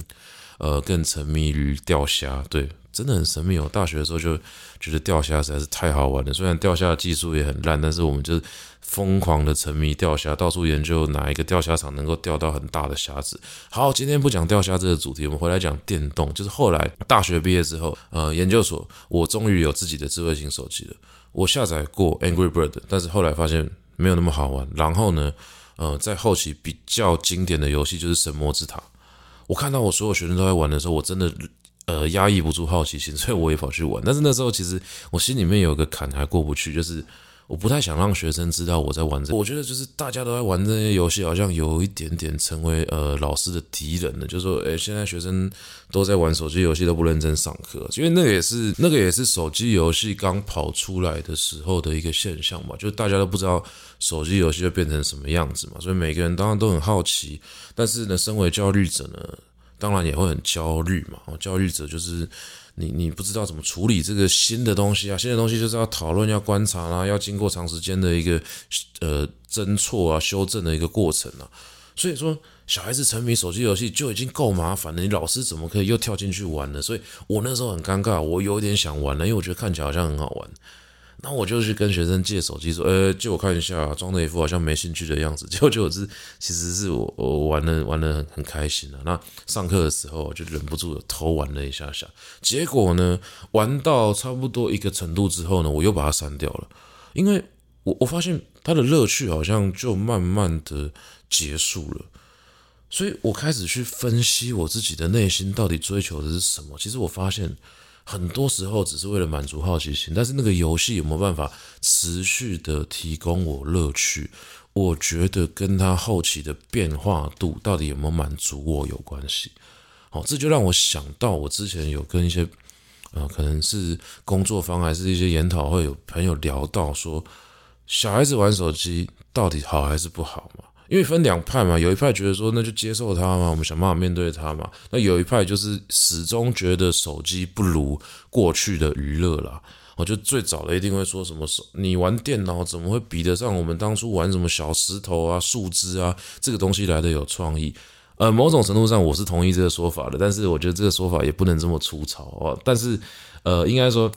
呃更沉迷於釣蝦，對。真的很神祕哦！大學的時候就覺得釣蝦實在是太好玩了，雖然釣蝦技術也很爛，但是我們就是瘋狂的沉迷釣蝦，到處研究哪一個釣蝦場能夠釣到很大的蝦子。好，今天不講釣蝦這個主題，我們回來講電動。就是後來大學畢業之後，呃，研究所，我終於有自己的智慧型手機了。我下載過 Angry Bird，但是後來發現沒有那麼好玩。然後呢，呃，在後期比較經典的遊戲就是《神魔之塔》。我看到我所有學生都在玩的時候，我真的。呃，壓抑不住好奇心，所以我也跑去玩。但是那時候，其實我心裡面有個坎還過不去，就是我不太想讓學生知道我在玩這。我覺得就是大家都在玩這些遊戲，好像有一點點成為呃老師的敵人了。就是說，誒、欸，現在學生都在玩手機遊戲，都不認真上課。因為那個也是，那個也是手機遊戲剛跑出來的時候的一個現象嘛，就是大家都不知道手機遊戲會變成什麼樣子嘛，所以每個人當然都很好奇。但是呢，身為教育者呢。當然也會很焦慮嘛，焦慮者就是你，你不知道怎麼處理這個新的東西啊，新的東西就是要討論、要觀察啦、啊，要經過長時間的一個呃偵錯啊、修正的一個過程啊，所以說小孩子沉迷手機遊戲就已經夠麻煩了，你老師怎麼可以又跳進去玩呢？所以我那時候很尷尬，我有點想玩了，因為我覺得看起來好像很好玩。那我就去跟學生借手機，說：“誒、欸、借我看一下。”裝的一副好像沒興趣的樣子。結果，結果是其實是我我玩的玩的很很開心的、啊。那上課的時候就忍不住的偷玩了一下下，下結果呢，玩到差不多一個程度之後呢，我又把它刪掉了，因為我我發現它的樂趣好像就慢慢的結束了。所以我開始去分析我自己的內心到底追求的是什麼。其實我發現。很多時候只是為了滿足好奇心，但是那個遊戲有沒有辦法持續的提供我樂趣？我覺得跟他後期的變化度到底有沒有滿足我有關係。好，這就讓我想到我之前有跟一些，啊、呃、可能是工作方還是一些研討會有朋友聊到說，說小孩子玩手機到底好還是不好嘛？因為分兩派嘛，有一派覺得說，那就接受它嘛，我們想辦法面對它嘛。那有一派就是始終覺得手機不如過去的娛樂啦。我就最早的一定會說什麼，你玩電腦怎麼會比得上我們當初玩什麼小石頭啊、樹枝啊這個東西來得有創意？呃，某種程度上我是同意這個說法的，但是我覺得這個說法也不能這麼粗糙啊。但是，呃，應該說。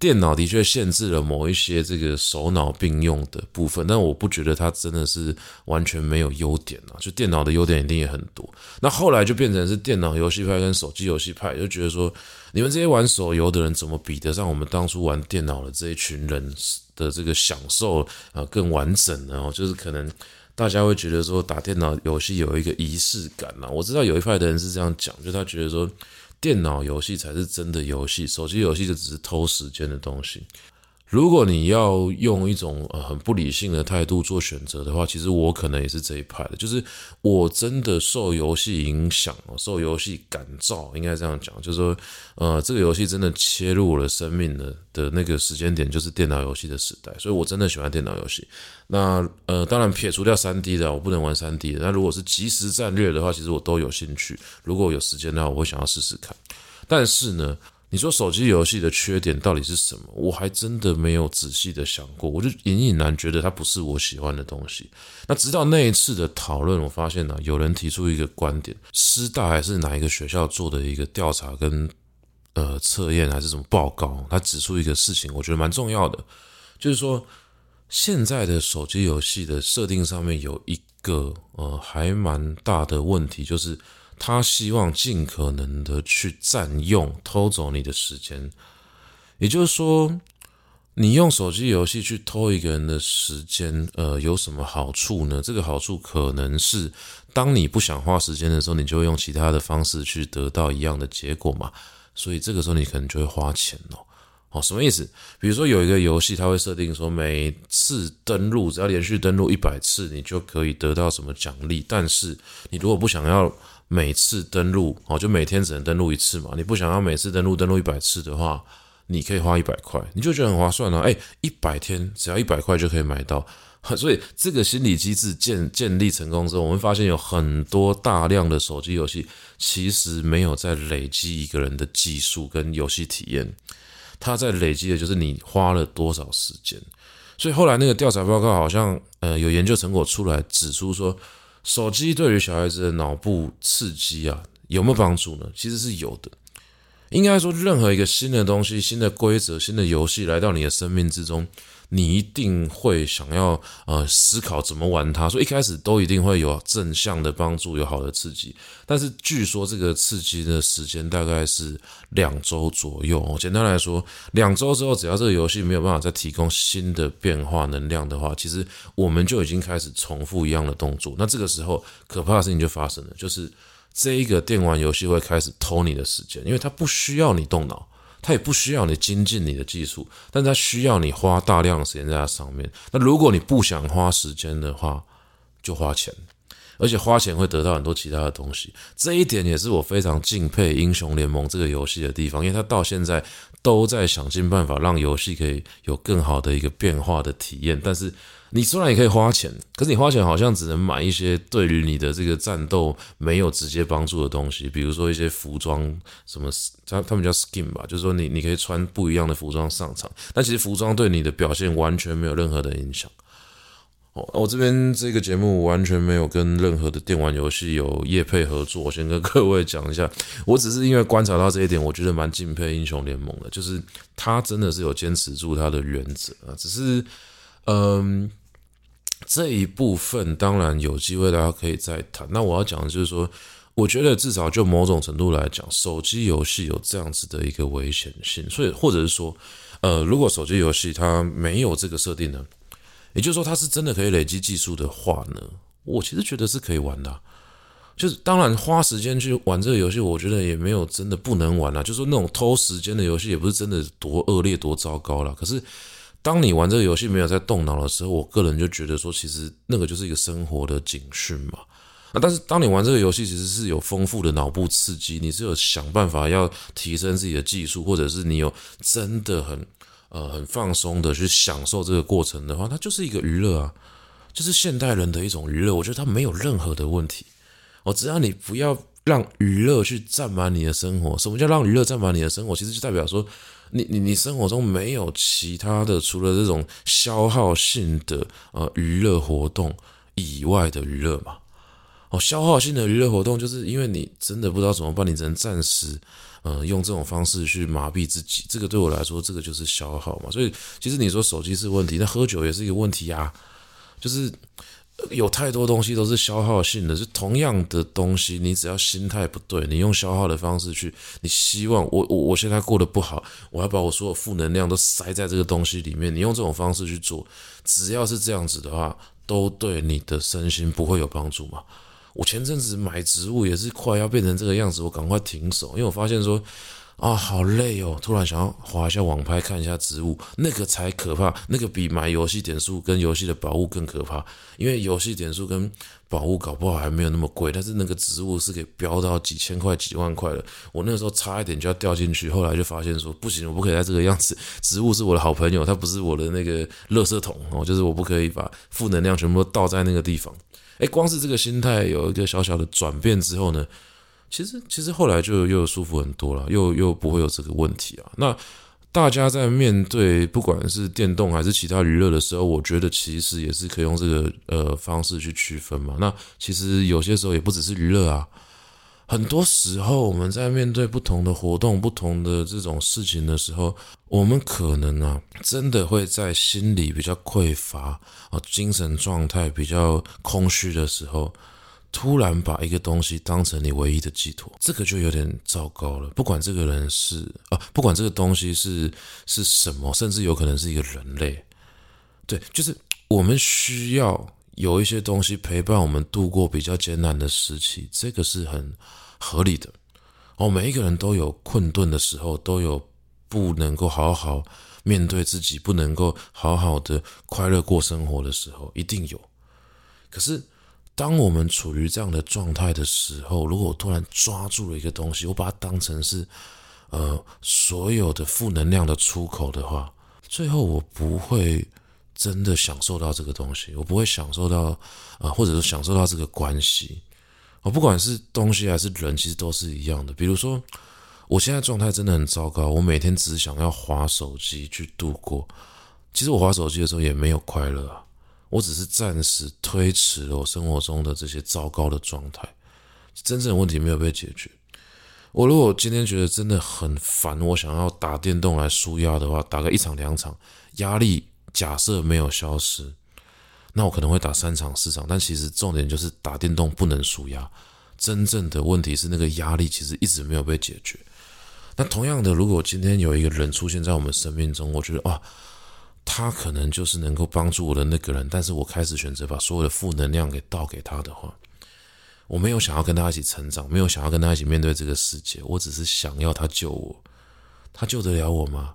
電腦的確限制了某一些這個手腦並用的部分，但我不覺得它真的是完全沒有優點啊。就電腦的優點一定也很多。那後來就變成是電腦遊戲派跟手機遊戲派，就覺得說，你們這些玩手遊的人怎麼比得上我們當初玩電腦的這一群人的這個享受啊更完整呢？就是可能大家會覺得說打電腦遊戲有一個儀式感啊，我知道有一派的人是這樣講，就他覺得說。電腦遊戲才是真的遊戲，手機遊戲就只是偷時間的東西。如果你要用一種呃很不理性的態度做選擇的話，其實我可能也是這一派的，就是我真的受遊戲影響，受遊戲感召，應該這樣講，就是說，呃，這個遊戲真的切入了生命的的那個時間點，就是電腦遊戲的時代，所以我真的喜歡電腦遊戲。那呃，當然撇除掉三 D 的，我不能玩三 D 的。那如果是即時戰略的話，其實我都有興趣。如果有時間的話，我會想要試試看。但是呢，你說手機遊戲的缺點到底是什麼？我還真的沒有仔細的想過，我就隱隱然覺得它不是我喜歡的東西。那直到那一次的討論，我發現呢、啊，有人提出一個觀點，師大還是哪一個學校做的一個調查跟呃測驗還是什麼報告，他指出一個事情，我覺得蠻重要的，就是說現在的手機遊戲的設定上面有一個呃還蠻大的問題，就是。他希望盡可能的去占用、偷走你的時間，也就是說，你用手機遊戲去偷一個人的時間，呃，有什麼好處呢？這個好處可能是，當你不想花時間的時候，你就會用其他的方式去得到一樣的結果嘛。所以這個時候你可能就會花錢哦。哦，什麼意思？比如說有一個遊戲，它會設定說，每次登錄只要連續登錄一百次，你就可以得到什麼獎勵。但是你如果不想要。每次登錄哦，就每天只能登錄一次嘛。你不想要每次登錄登錄一百次的話，你可以花一百塊，你就覺得很划算啊。誒，一百天只要一百塊就可以買到，所以這個心理機制建建立成功之後，我們發現有很多大量的手機遊戲其實沒有在累積一個人的技術跟遊戲體驗，它在累積的就是你花了多少時間。所以後來那個調查報告好像呃有研究成果出來指出說。手機對於小孩子的腦部刺激啊，有沒有幫助呢？其實是有的。應該說，任何一個新的東西、新的規則、新的遊戲來到你的生命之中。你一定會想要呃思考怎麼玩它，所以一開始都一定會有正向的幫助，有好的刺激。但是據說這個刺激的時間大概是兩周左右。簡單來說，兩周之後，只要這個遊戲沒有辦法再提供新的變化能量的話，其實我們就已經開始重複一樣的動作。那這個時候可怕的事情就發生了，就是這一個電玩遊戲會開始偷你的時間，因為它不需要你動腦。他也不需要你精進你的技術，但他需要你花大量的時間在它上面。那如果你不想花時間的話，就花錢，而且花錢會得到很多其他的東西。這一點也是我非常敬佩《英雄聯盟》這個遊戲的地方，因為它到現在都在想盡辦法讓遊戲可以有更好的一個變化的體驗。但是，你雖然也可以花錢，可是你花錢好像只能買一些對於你的這個戰鬥沒有直接幫助的東西，比如說一些服裝，什麼，它他們叫 skin 吧，就是說你你可以穿不一樣的服裝上場，但其實服裝對你的表現完全沒有任何的影響。哦，我這邊這個節目完全沒有跟任何的電玩遊戲有業配合作，我先跟各位講一下，我只是因為觀察到這一點，我覺得蠻敬佩英雄聯盟的，就是他真的是有堅持住他的原則啊，只是。嗯，這一部分當然有機會，大家可以再談。那我要講的就是說，我覺得至少就某種程度來講，手機遊戲有這樣子的一個危險性。所以，或者是說，呃，如果手機遊戲它沒有這個設定呢，也就是說它是真的可以累積技術的話呢，我其實覺得是可以玩的啊。就是當然花時間去玩這個遊戲，我覺得也沒有真的不能玩啊。就說那種偷時間的遊戲，也不是真的多惡劣多糟糕了。可是。當你玩這個遊戲沒有在動腦的時候，我個人就覺得說，其實那個就是一個生活的警訊嘛。啊，但是當你玩這個遊戲，其實是有豐富的腦部刺激，你只有想辦法要提升自己的技術，或者是你有真的很呃很放鬆的去享受這個過程的話，它就是一個娛樂啊，就是現代人的一種娛樂。我覺得它沒有任何的問題，我只要你不要。讓娛樂去占滿你的生活，什麼叫讓娛樂占滿你的生活？其實就代表說你，你你你生活中沒有其他的，除了這種消耗性的呃娛樂活動以外的娛樂嘛。哦，消耗性的娛樂活動，就是因為你真的不知道怎麼辦，你只能暫時嗯、呃、用這種方式去麻痹自己。這個對我來說，這個就是消耗嘛。所以其實你說手機是問題，那喝酒也是一個問題啊，就是。有太多東西都是消耗性的，是同樣的東西，你只要心態不對，你用消耗的方式去，你希望我我我現在過得不好，我要把我所有負能量都塞在這個東西裡面，你用這種方式去做，只要是這樣子的話，都對你的身心不會有幫助嘛。我前陣子買植物也是快要變成這個樣子，我趕快停手，因為我發現說。啊、哦，好累哦！突然想要滑一下網拍，看一下植物，那個才可怕，那個比買遊戲點數跟遊戲的寶物更可怕。因為遊戲點數跟寶物搞不好還沒有那麼貴，但是那個植物是給飆到幾千塊、幾萬塊的。我那個時候差一點就要掉進去，後來就發現說不行，我不可以在這個樣子。植物是我的好朋友，它不是我的那個垃圾桶哦，就是我不可以把負能量全部倒在那個地方。哎、欸，光是這個心態有一個小小的轉變之後呢，其實，其實後來就又舒服很多了，又又不會有這個問題啊。那大家在面對不管是電動還是其他娛樂的時候，我覺得其實也是可以用這個呃方式去區分嘛。那其實有些時候也不只是娛樂啊，很多時候我們在面對不同的活動、不同的這種事情的時候，我們可能啊真的會在心理比較匱乏啊，精神狀態比較空虛的時候。突然把一個東西當成你唯一的寄托，這個就有點糟糕了。不管這個人是啊，不管這個東西是是什麼，甚至有可能是一個人類，對，就是我們需要有一些東西陪伴我們度過比較艱難的時期，這個是很合理的。哦，每一個人都有困頓的時候，都有不能夠好好面對自己，不能夠好好的快樂過生活的時候，一定有。可是。當我們處於這樣的狀態的時候，如果我突然抓住了一個東西，我把它當成是呃所有的負能量的出口的話，最後我不會真的享受到這個東西，我不會享受到啊、呃，或者是享受到這個關係，我、呃、不管是東西還是人，其實都是一樣的。比如說我現在狀態真的很糟糕，我每天只想要滑手機去度過，其實我滑手機的時候也沒有快樂、啊。我只是暫時推遲了我生活中的這些糟糕的狀態，真正的問題沒有被解決。我如果今天覺得真的很煩，我想要打電動來舒壓的話，打個一場兩場，壓力假設沒有消失，那我可能會打三場四場。但其實重點就是打電動不能舒壓，真正的問題是那個壓力其實一直沒有被解決。那同樣的，如果今天有一個人出現在我們生命中，我覺得啊。他可能就是能夠幫助我的那個人，但是我開始選擇把所有的負能量給倒給他的話，我沒有想要跟他一起成長，沒有想要跟他一起面對這個世界，我只是想要他救我。他救得了我嗎？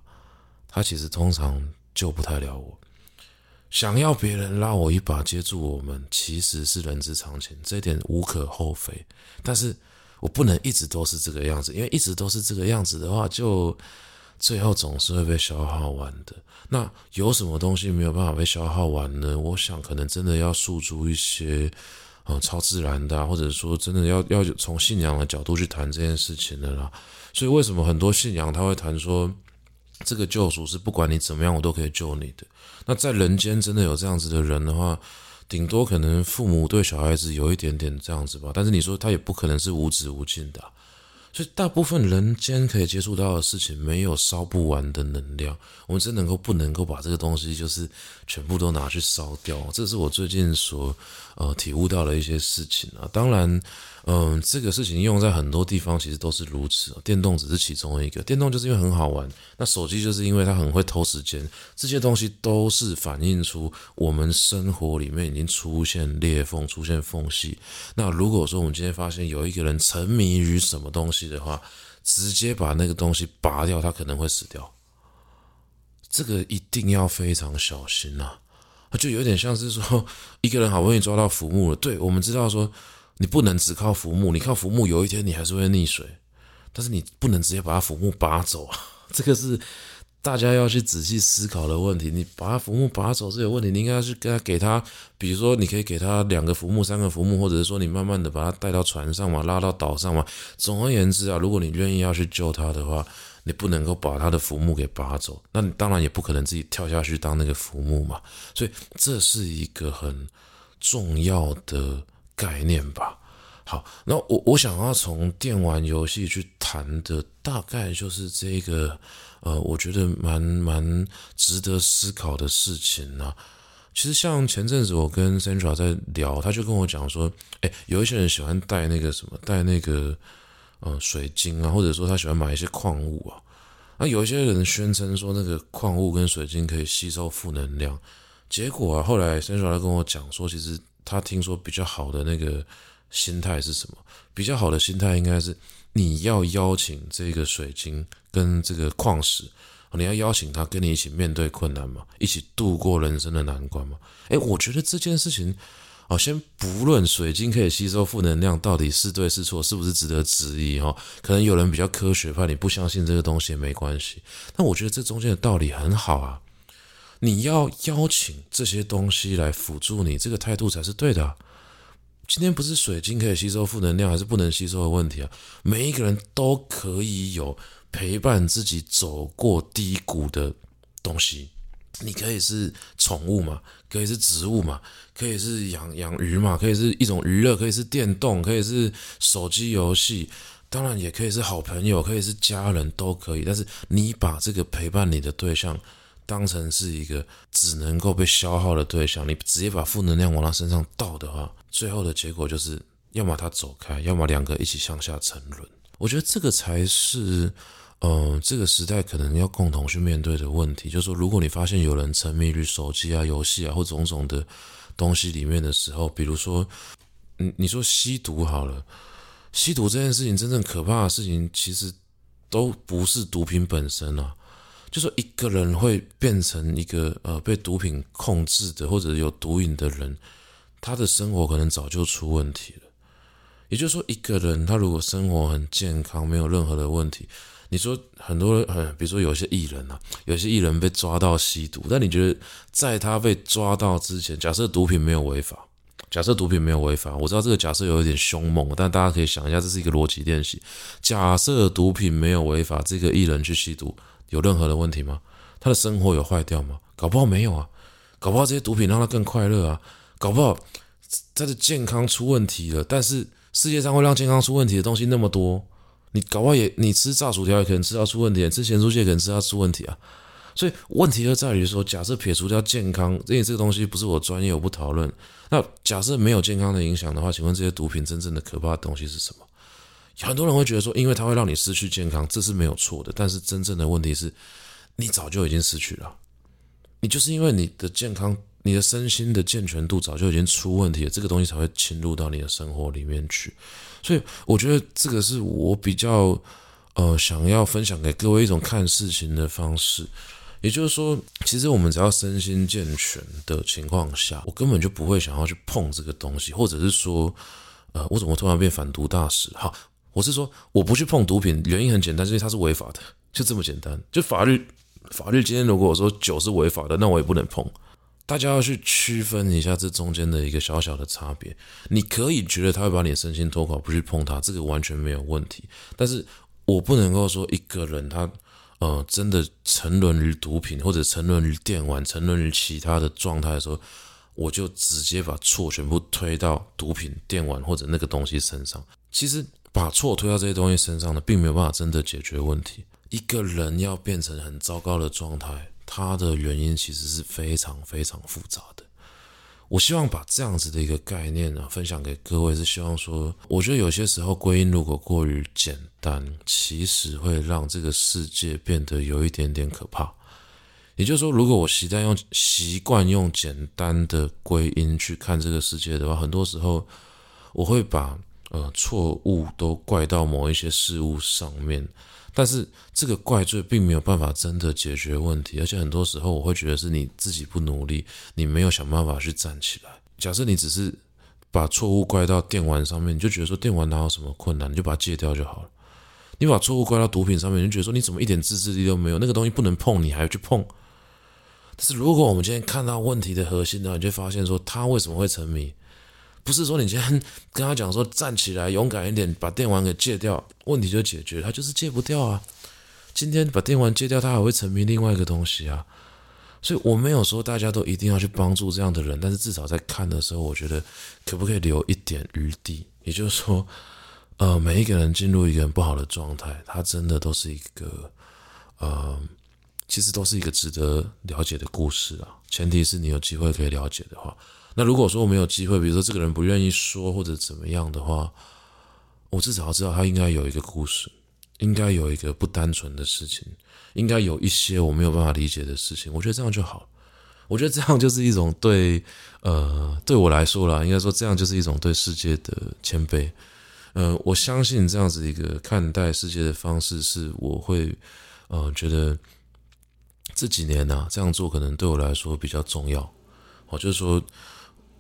他其實通常救不太了我。想要別人拉我一把，接住我們，其實是人之常情，這一點無可厚非。但是我不能一直都是這個樣子，因為一直都是這個樣子的話，就。最後總是會被消耗完的。那有什麼東西沒有辦法被消耗完呢？我想可能真的要訴諸一些啊，嗯，超自然的啊，或者說真的要要從信仰的角度去談這件事情的啦。所以為什麼很多信仰他會談說，這個救贖是不管你怎麼樣，我都可以救你的。那在人間真的有這樣子的人的話，頂多可能父母對小孩子有一點點這樣子吧。但是你說他也不可能是無止無盡的啊。所以，大部分人間可以接觸到的事情，沒有燒不完的能量。我們真能夠不能夠把這個東西，就是全部都拿去燒掉。這是我最近所呃體悟到的一些事情啊。當然。嗯，這個事情用在很多地方其實都是如此。電動只是其中一個，電動就是因為很好玩。那手機就是因為它很會偷時間。這些東西都是反映出我們生活裡面已經出現裂縫、出現縫隙。那如果說我們今天發現有一個人沉迷於什麼東西的話，直接把那個東西拔掉，他可能會死掉。這個一定要非常小心吶、啊，就有點像是說一個人好不容易抓到浮木了。對，我們知道說。你不能只靠浮木，你靠浮木有一天你還是會溺水，但是你不能直接把他浮木拔走啊，這個是大家要去仔細思考的問題。你把他浮木拔走是有問題，你應該要去給他，給他，比如說你可以給他兩個浮木，三個浮木，或者是說你慢慢的把他帶到船上嘛，拉到島上嘛。總而言之啊，如果你願意要去救他的話，你不能夠把他的浮木給拔走，那你當然也不可能自己跳下去當那個浮木嘛。所以這是一個很重要的。概念吧，好，那我我想要從電玩遊戲去談的大概就是這個，呃，我覺得蠻蠻值得思考的事情啊。其實像前陣子我跟 Sandra 在聊，他就跟我講說，哎、欸，有一些人喜歡帶那個什麼，帶那個呃水晶啊，或者說他喜歡買一些礦物啊。那、啊、有一些人宣稱說那個礦物跟水晶可以吸收負能量，結果啊，後來 Sandra 跟我講說，其實。他聽說比較好的那個心態是什麼？比較好的心態應該是你要邀請這個水晶跟這個礦石，你要邀請他跟你一起面對困難嘛，一起度過人生的難關嘛。哎，我覺得這件事情，哦，先不論水晶可以吸收負能量到底是對是錯，是不是值得質疑哈？可能有人比較科學，怕你不相信這個東西也沒關係。那我覺得這中間的道理很好啊。你要邀請這些東西來輔助你，這個態度才是對的啊。今天不是水晶可以吸收負能量還是不能吸收的問題啊！每一個人都可以有陪伴自己走過低谷的東西。你可以是寵物嘛，可以是植物嘛，可以是養養魚嘛，可以是一種娛樂，可以是電動，可以是手機遊戲，當然也可以是好朋友，可以是家人都可以。但是你把這個陪伴你的對象當成是一個只能夠被消耗的對象，你直接把負能量往他身上倒的話，最後的結果就是要麼他走開，要麼兩個一起向下沉淪。我覺得這個才是，嗯、呃，這個時代可能要共同去面對的問題。就是說，如果你發現有人沉迷於手機啊、遊戲啊或種種的東西裡面的時候，比如說，你你說吸毒好了，吸毒這件事情真正可怕的事情，其實都不是毒品本身了、啊。就說一個人會變成一個呃被毒品控制的或者有毒癮的人，他的生活可能早就出問題了。也就是說，一個人他如果生活很健康，沒有任何的問題，你說很多人，比如說有些藝人吶、啊，有些藝人被抓到吸毒，但你覺得在他被抓到之前，假設毒品沒有違法，假設毒品沒有違法，我知道這個假設有一點凶猛，但大家可以想一下，這是一個邏輯練習。假設毒品沒有違法，這個藝人去吸毒。有任何的問題嗎？他的生活有壞掉嗎？搞不好沒有啊，搞不好這些毒品讓他更快樂啊，搞不好他的健康出問題了。但是世界上會讓健康出問題的東西那麼多，你搞不好也，你吃炸薯條也可能吃到出問題，也吃鹹酥雞可能吃到出問題啊。所以問題就在於說，假設撇除掉健康，因為這個東西不是我專業，我不討論。那假設沒有健康的影響的話，請問這些毒品真正的可怕的東西是什麼？很多人會覺得說，因為它會讓你失去健康，這是沒有錯的。但是真正的問題是，你早就已經失去了。你就是因為你的健康、你的身心的健全度早就已經出問題了，這個東西才會侵入到你的生活裡面去。所以，我覺得這個是我比較呃想要分享給各位一種看事情的方式。也就是說，其實我們只要身心健全的情況下，我根本就不會想要去碰這個東西，或者是說，呃，我怎麼突然變反毒大使？好我是說，我不去碰毒品，原因很簡單，因為它是違法的，就這麼簡單。就法律，法律，今天如果我說酒是違法的，那我也不能碰。大家要去區分一下這中間的一個小小的差別。你可以覺得它會把你的身心拖垮，不去碰它，這個完全沒有問題。但是，我不能夠說一個人他呃真的沉淪於毒品，或者沉淪於電玩，沉淪於其他的狀態的時候，我就直接把錯全部推到毒品、電玩或者那個東西身上。其實。把錯推到這些東西身上呢，並沒有辦法真的解決問題。一個人要變成很糟糕的狀態，他的原因其實是非常非常複雜的。我希望把這樣子的一個概念呢、啊，分享給各位，是希望說，我覺得有些時候歸因如果過於簡單，其實會讓這個世界變得有一點點可怕。也就是說，如果我習慣用習慣用簡單的歸因去看這個世界的話，很多時候我會把。呃，錯誤都怪到某一些事物上面，但是這個怪罪並沒有辦法真的解決問題，而且很多時候我會覺得是你自己不努力，你沒有想辦法去站起來。假設你只是把錯誤怪到電玩上面，你就覺得說電玩哪有什麼困難，你就把它戒掉就好了。你把錯誤怪到毒品上面，你就覺得說你怎麼一點自制力都沒有，那個東西不能碰，你還要去碰。但是如果我們今天看到問題的核心呢，你就發現說他為什麼會沉迷？不是說你今天跟他講說站起來，勇敢一點，把電玩給戒掉，問題就解決。他就是戒不掉啊。今天把電玩戒掉，他還會沉迷另外一個東西啊。所以我沒有說大家都一定要去幫助這樣的人，但是至少在看的時候，我覺得可不可以留一點餘地？也就是說，呃，每一個人進入一個很不好的狀態，他真的都是一個，呃。其實都是一個值得了解的故事啊，前提是你有機會可以了解的話。那如果說我沒有機會，比如說這個人不願意說或者怎麼樣的話，我至少知道他應該有一個故事，應該有一個不單純的事情，應該有一些我沒有辦法理解的事情。我覺得這樣就好，我覺得這樣就是一種對呃對我來說啦，應該說這樣就是一種對世界的謙卑。呃，我相信這樣子一個看待世界的方式是我會呃覺得。這幾年呢、啊，這樣做可能對我來說比較重要。我就是說，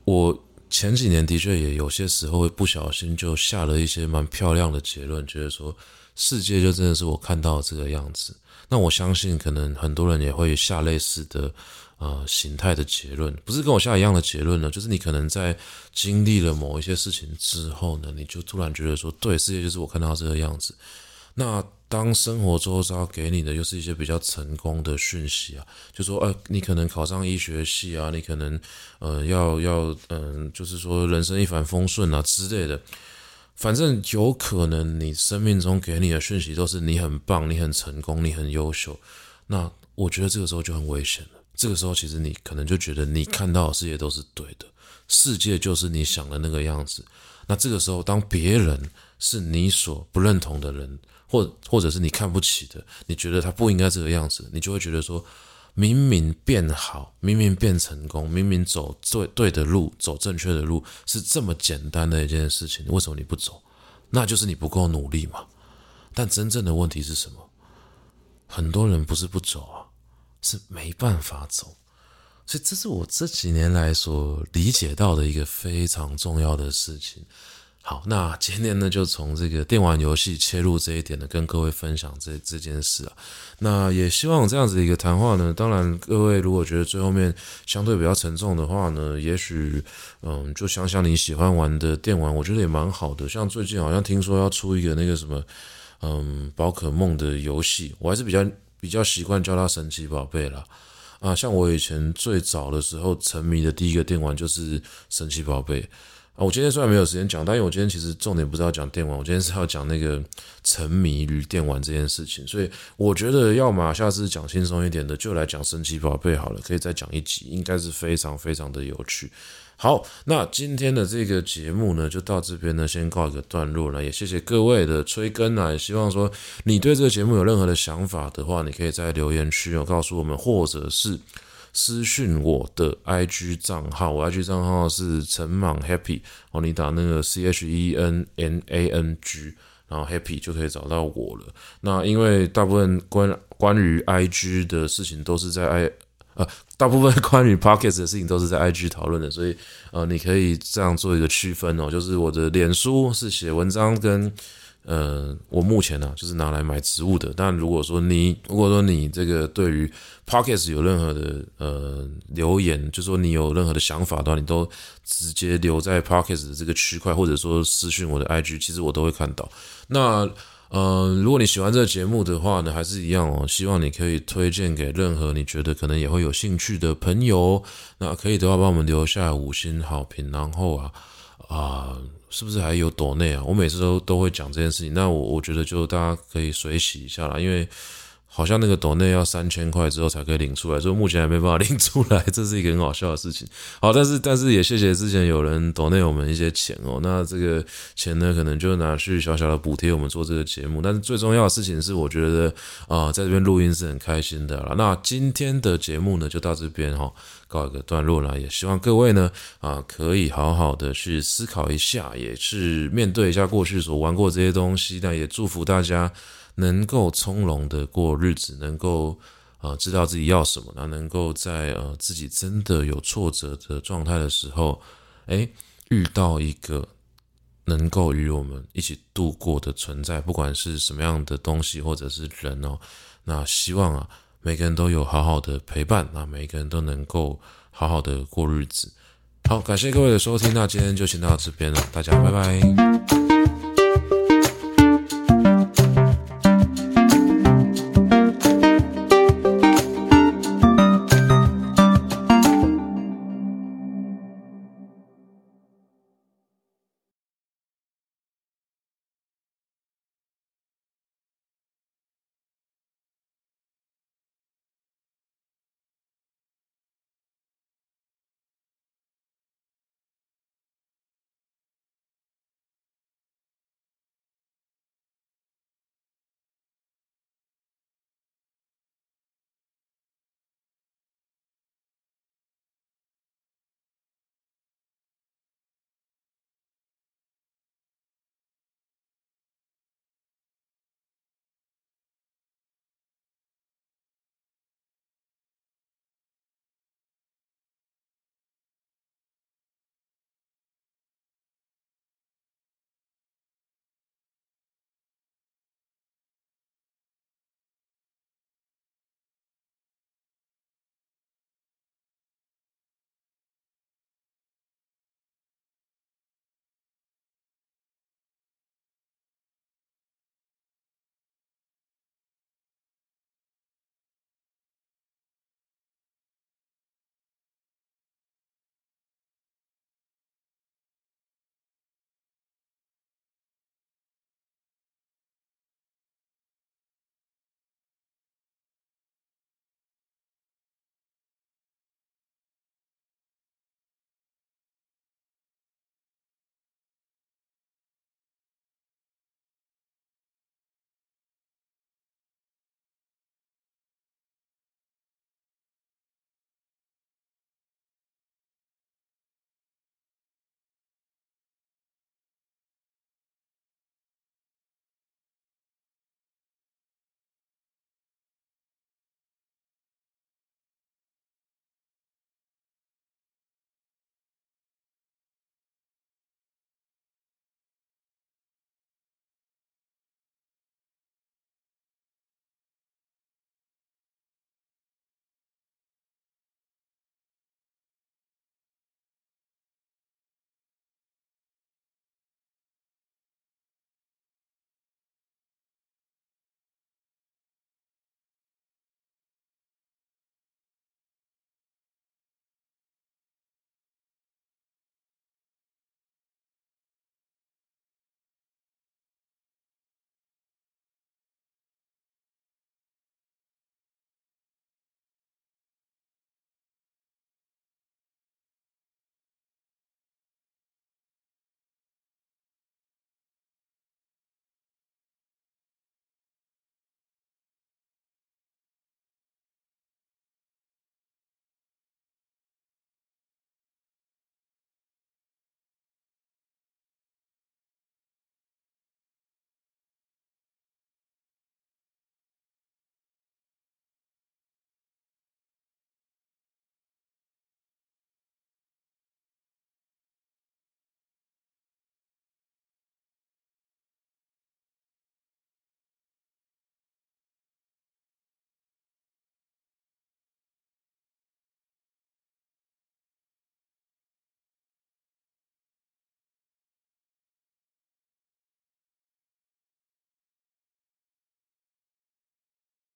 我前幾年的確也有些時候會不小心就下了一些蠻漂亮的結論，覺得說，世界就真的是我看到這個樣子。那我相信，可能很多人也會下類似的呃形態的結論，不是跟我下一樣的結論呢，就是你可能在經歷了某一些事情之後呢，你就突然覺得說，對，世界就是我看到這個樣子。那當生活周遭給你的又是一些比較成功的訊息啊，就說，哎、呃，你可能考上醫學系啊，你可能，呃，要要，嗯、呃，就是說人生一帆風順啊之類的，反正有可能你生命中給你的訊息都是你很棒，你很成功，你很優秀。那我覺得這個時候就很危險了。這個時候其實你可能就覺得你看到的世界都是對的，世界就是你想的那個樣子。那這個時候，當別人是你所不認同的人。或或者是你看不起的，你覺得他不應該這個樣子，你就會覺得說，明明變好，明明變成功，明明走最對，對的路，走正確的路，是這麼簡單的一件事情，為什麼你不走？那就是你不夠努力嘛。但真正的問題是什麼？很多人不是不走啊，是沒辦法走。所以這是我這幾年來所理解到的一個非常重要的事情。好，那今天呢，就從這個電玩遊戲切入這一點呢，跟各位分享這這件事啊。那也希望這樣子一個談話呢，當然各位如果覺得最後面相對比較沉重的話呢，也許嗯，就想想你喜歡玩的電玩，我覺得也蠻好的。像最近好像聽說要出一個那個什麼，嗯，寶可夢的遊戲，我還是比較比較習慣叫它神奇寶貝啦。啊，像我以前最早的時候沉迷的第一個電玩就是神奇寶貝。啊，我今天雖然沒有時間講，但因為我今天其實重點不是要講電玩，我今天是要講那個沉迷於電玩這件事情，所以我覺得要嘛下次講輕鬆一點的，就來講神奇寶貝好了，可以再講一集，應該是非常非常的有趣。好，那今天的這個節目呢，就到這邊呢，先告一個段落了，也謝謝各位的催更啊！也希望說你對這個節目有任何的想法的話，你可以在留言區告訴我們，或者是。私訊我的 I G 賬號，我 I G 賬號是陳茻 Happy 哦，你打那個 C H E N M A N G，然後 Happy 就可以找到我了。那因為大部分關關於 I G 的事情，都是在 I，呃，大部分關於 Podcast 的事情都是在 I G 討論的，所以呃，你可以這樣做一個區分哦，就是我的臉書是寫文章跟。呃，我目前呢、啊、就是拿來買植物的。但如果說你，如果說你這個對於 Podcast 有任何的呃留言，就是、說你有任何的想法的話，你都直接留在 Podcast 的這個區塊，或者說私訊我的 IG，其實我都會看到。那呃，如果你喜歡這個節目的話呢，還是一樣哦，希望你可以推薦給任何你覺得可能也會有興趣的朋友。那可以的話，幫我們留下五星好評，然後啊啊。呃是不是還有躲內啊？我每次都都會講這件事情，那我我覺得就大家可以隨喜一下啦，因為。好像那個抖內要三千塊之後才可以領出來，所以目前還沒辦法領出來，這是一個很好笑的事情。好，但是但是也謝謝之前有人抖內我們一些錢哦，那這個錢呢，可能就拿去小小的補貼我們做這個節目。但是最重要的事情是，我覺得啊，在這邊錄音是很開心的了。那今天的節目呢，就到這邊哈，告一個段落了。也希望各位呢啊可以好好的去思考一下，也是面對一下過去所玩過這些東西，那也祝福大家，能夠從容的過日子，能夠呃知道自己要什麼，那能夠在呃自己真的有挫折的狀態的時候，誒，遇到一個能夠與我們一起度過的存在，不管是什麼樣的東西或者是人哦，那希望啊每個人都有好好的陪伴，那每個人都能夠好好的過日子。好，感謝各位的收聽，那今天就先到這邊了，大家拜拜。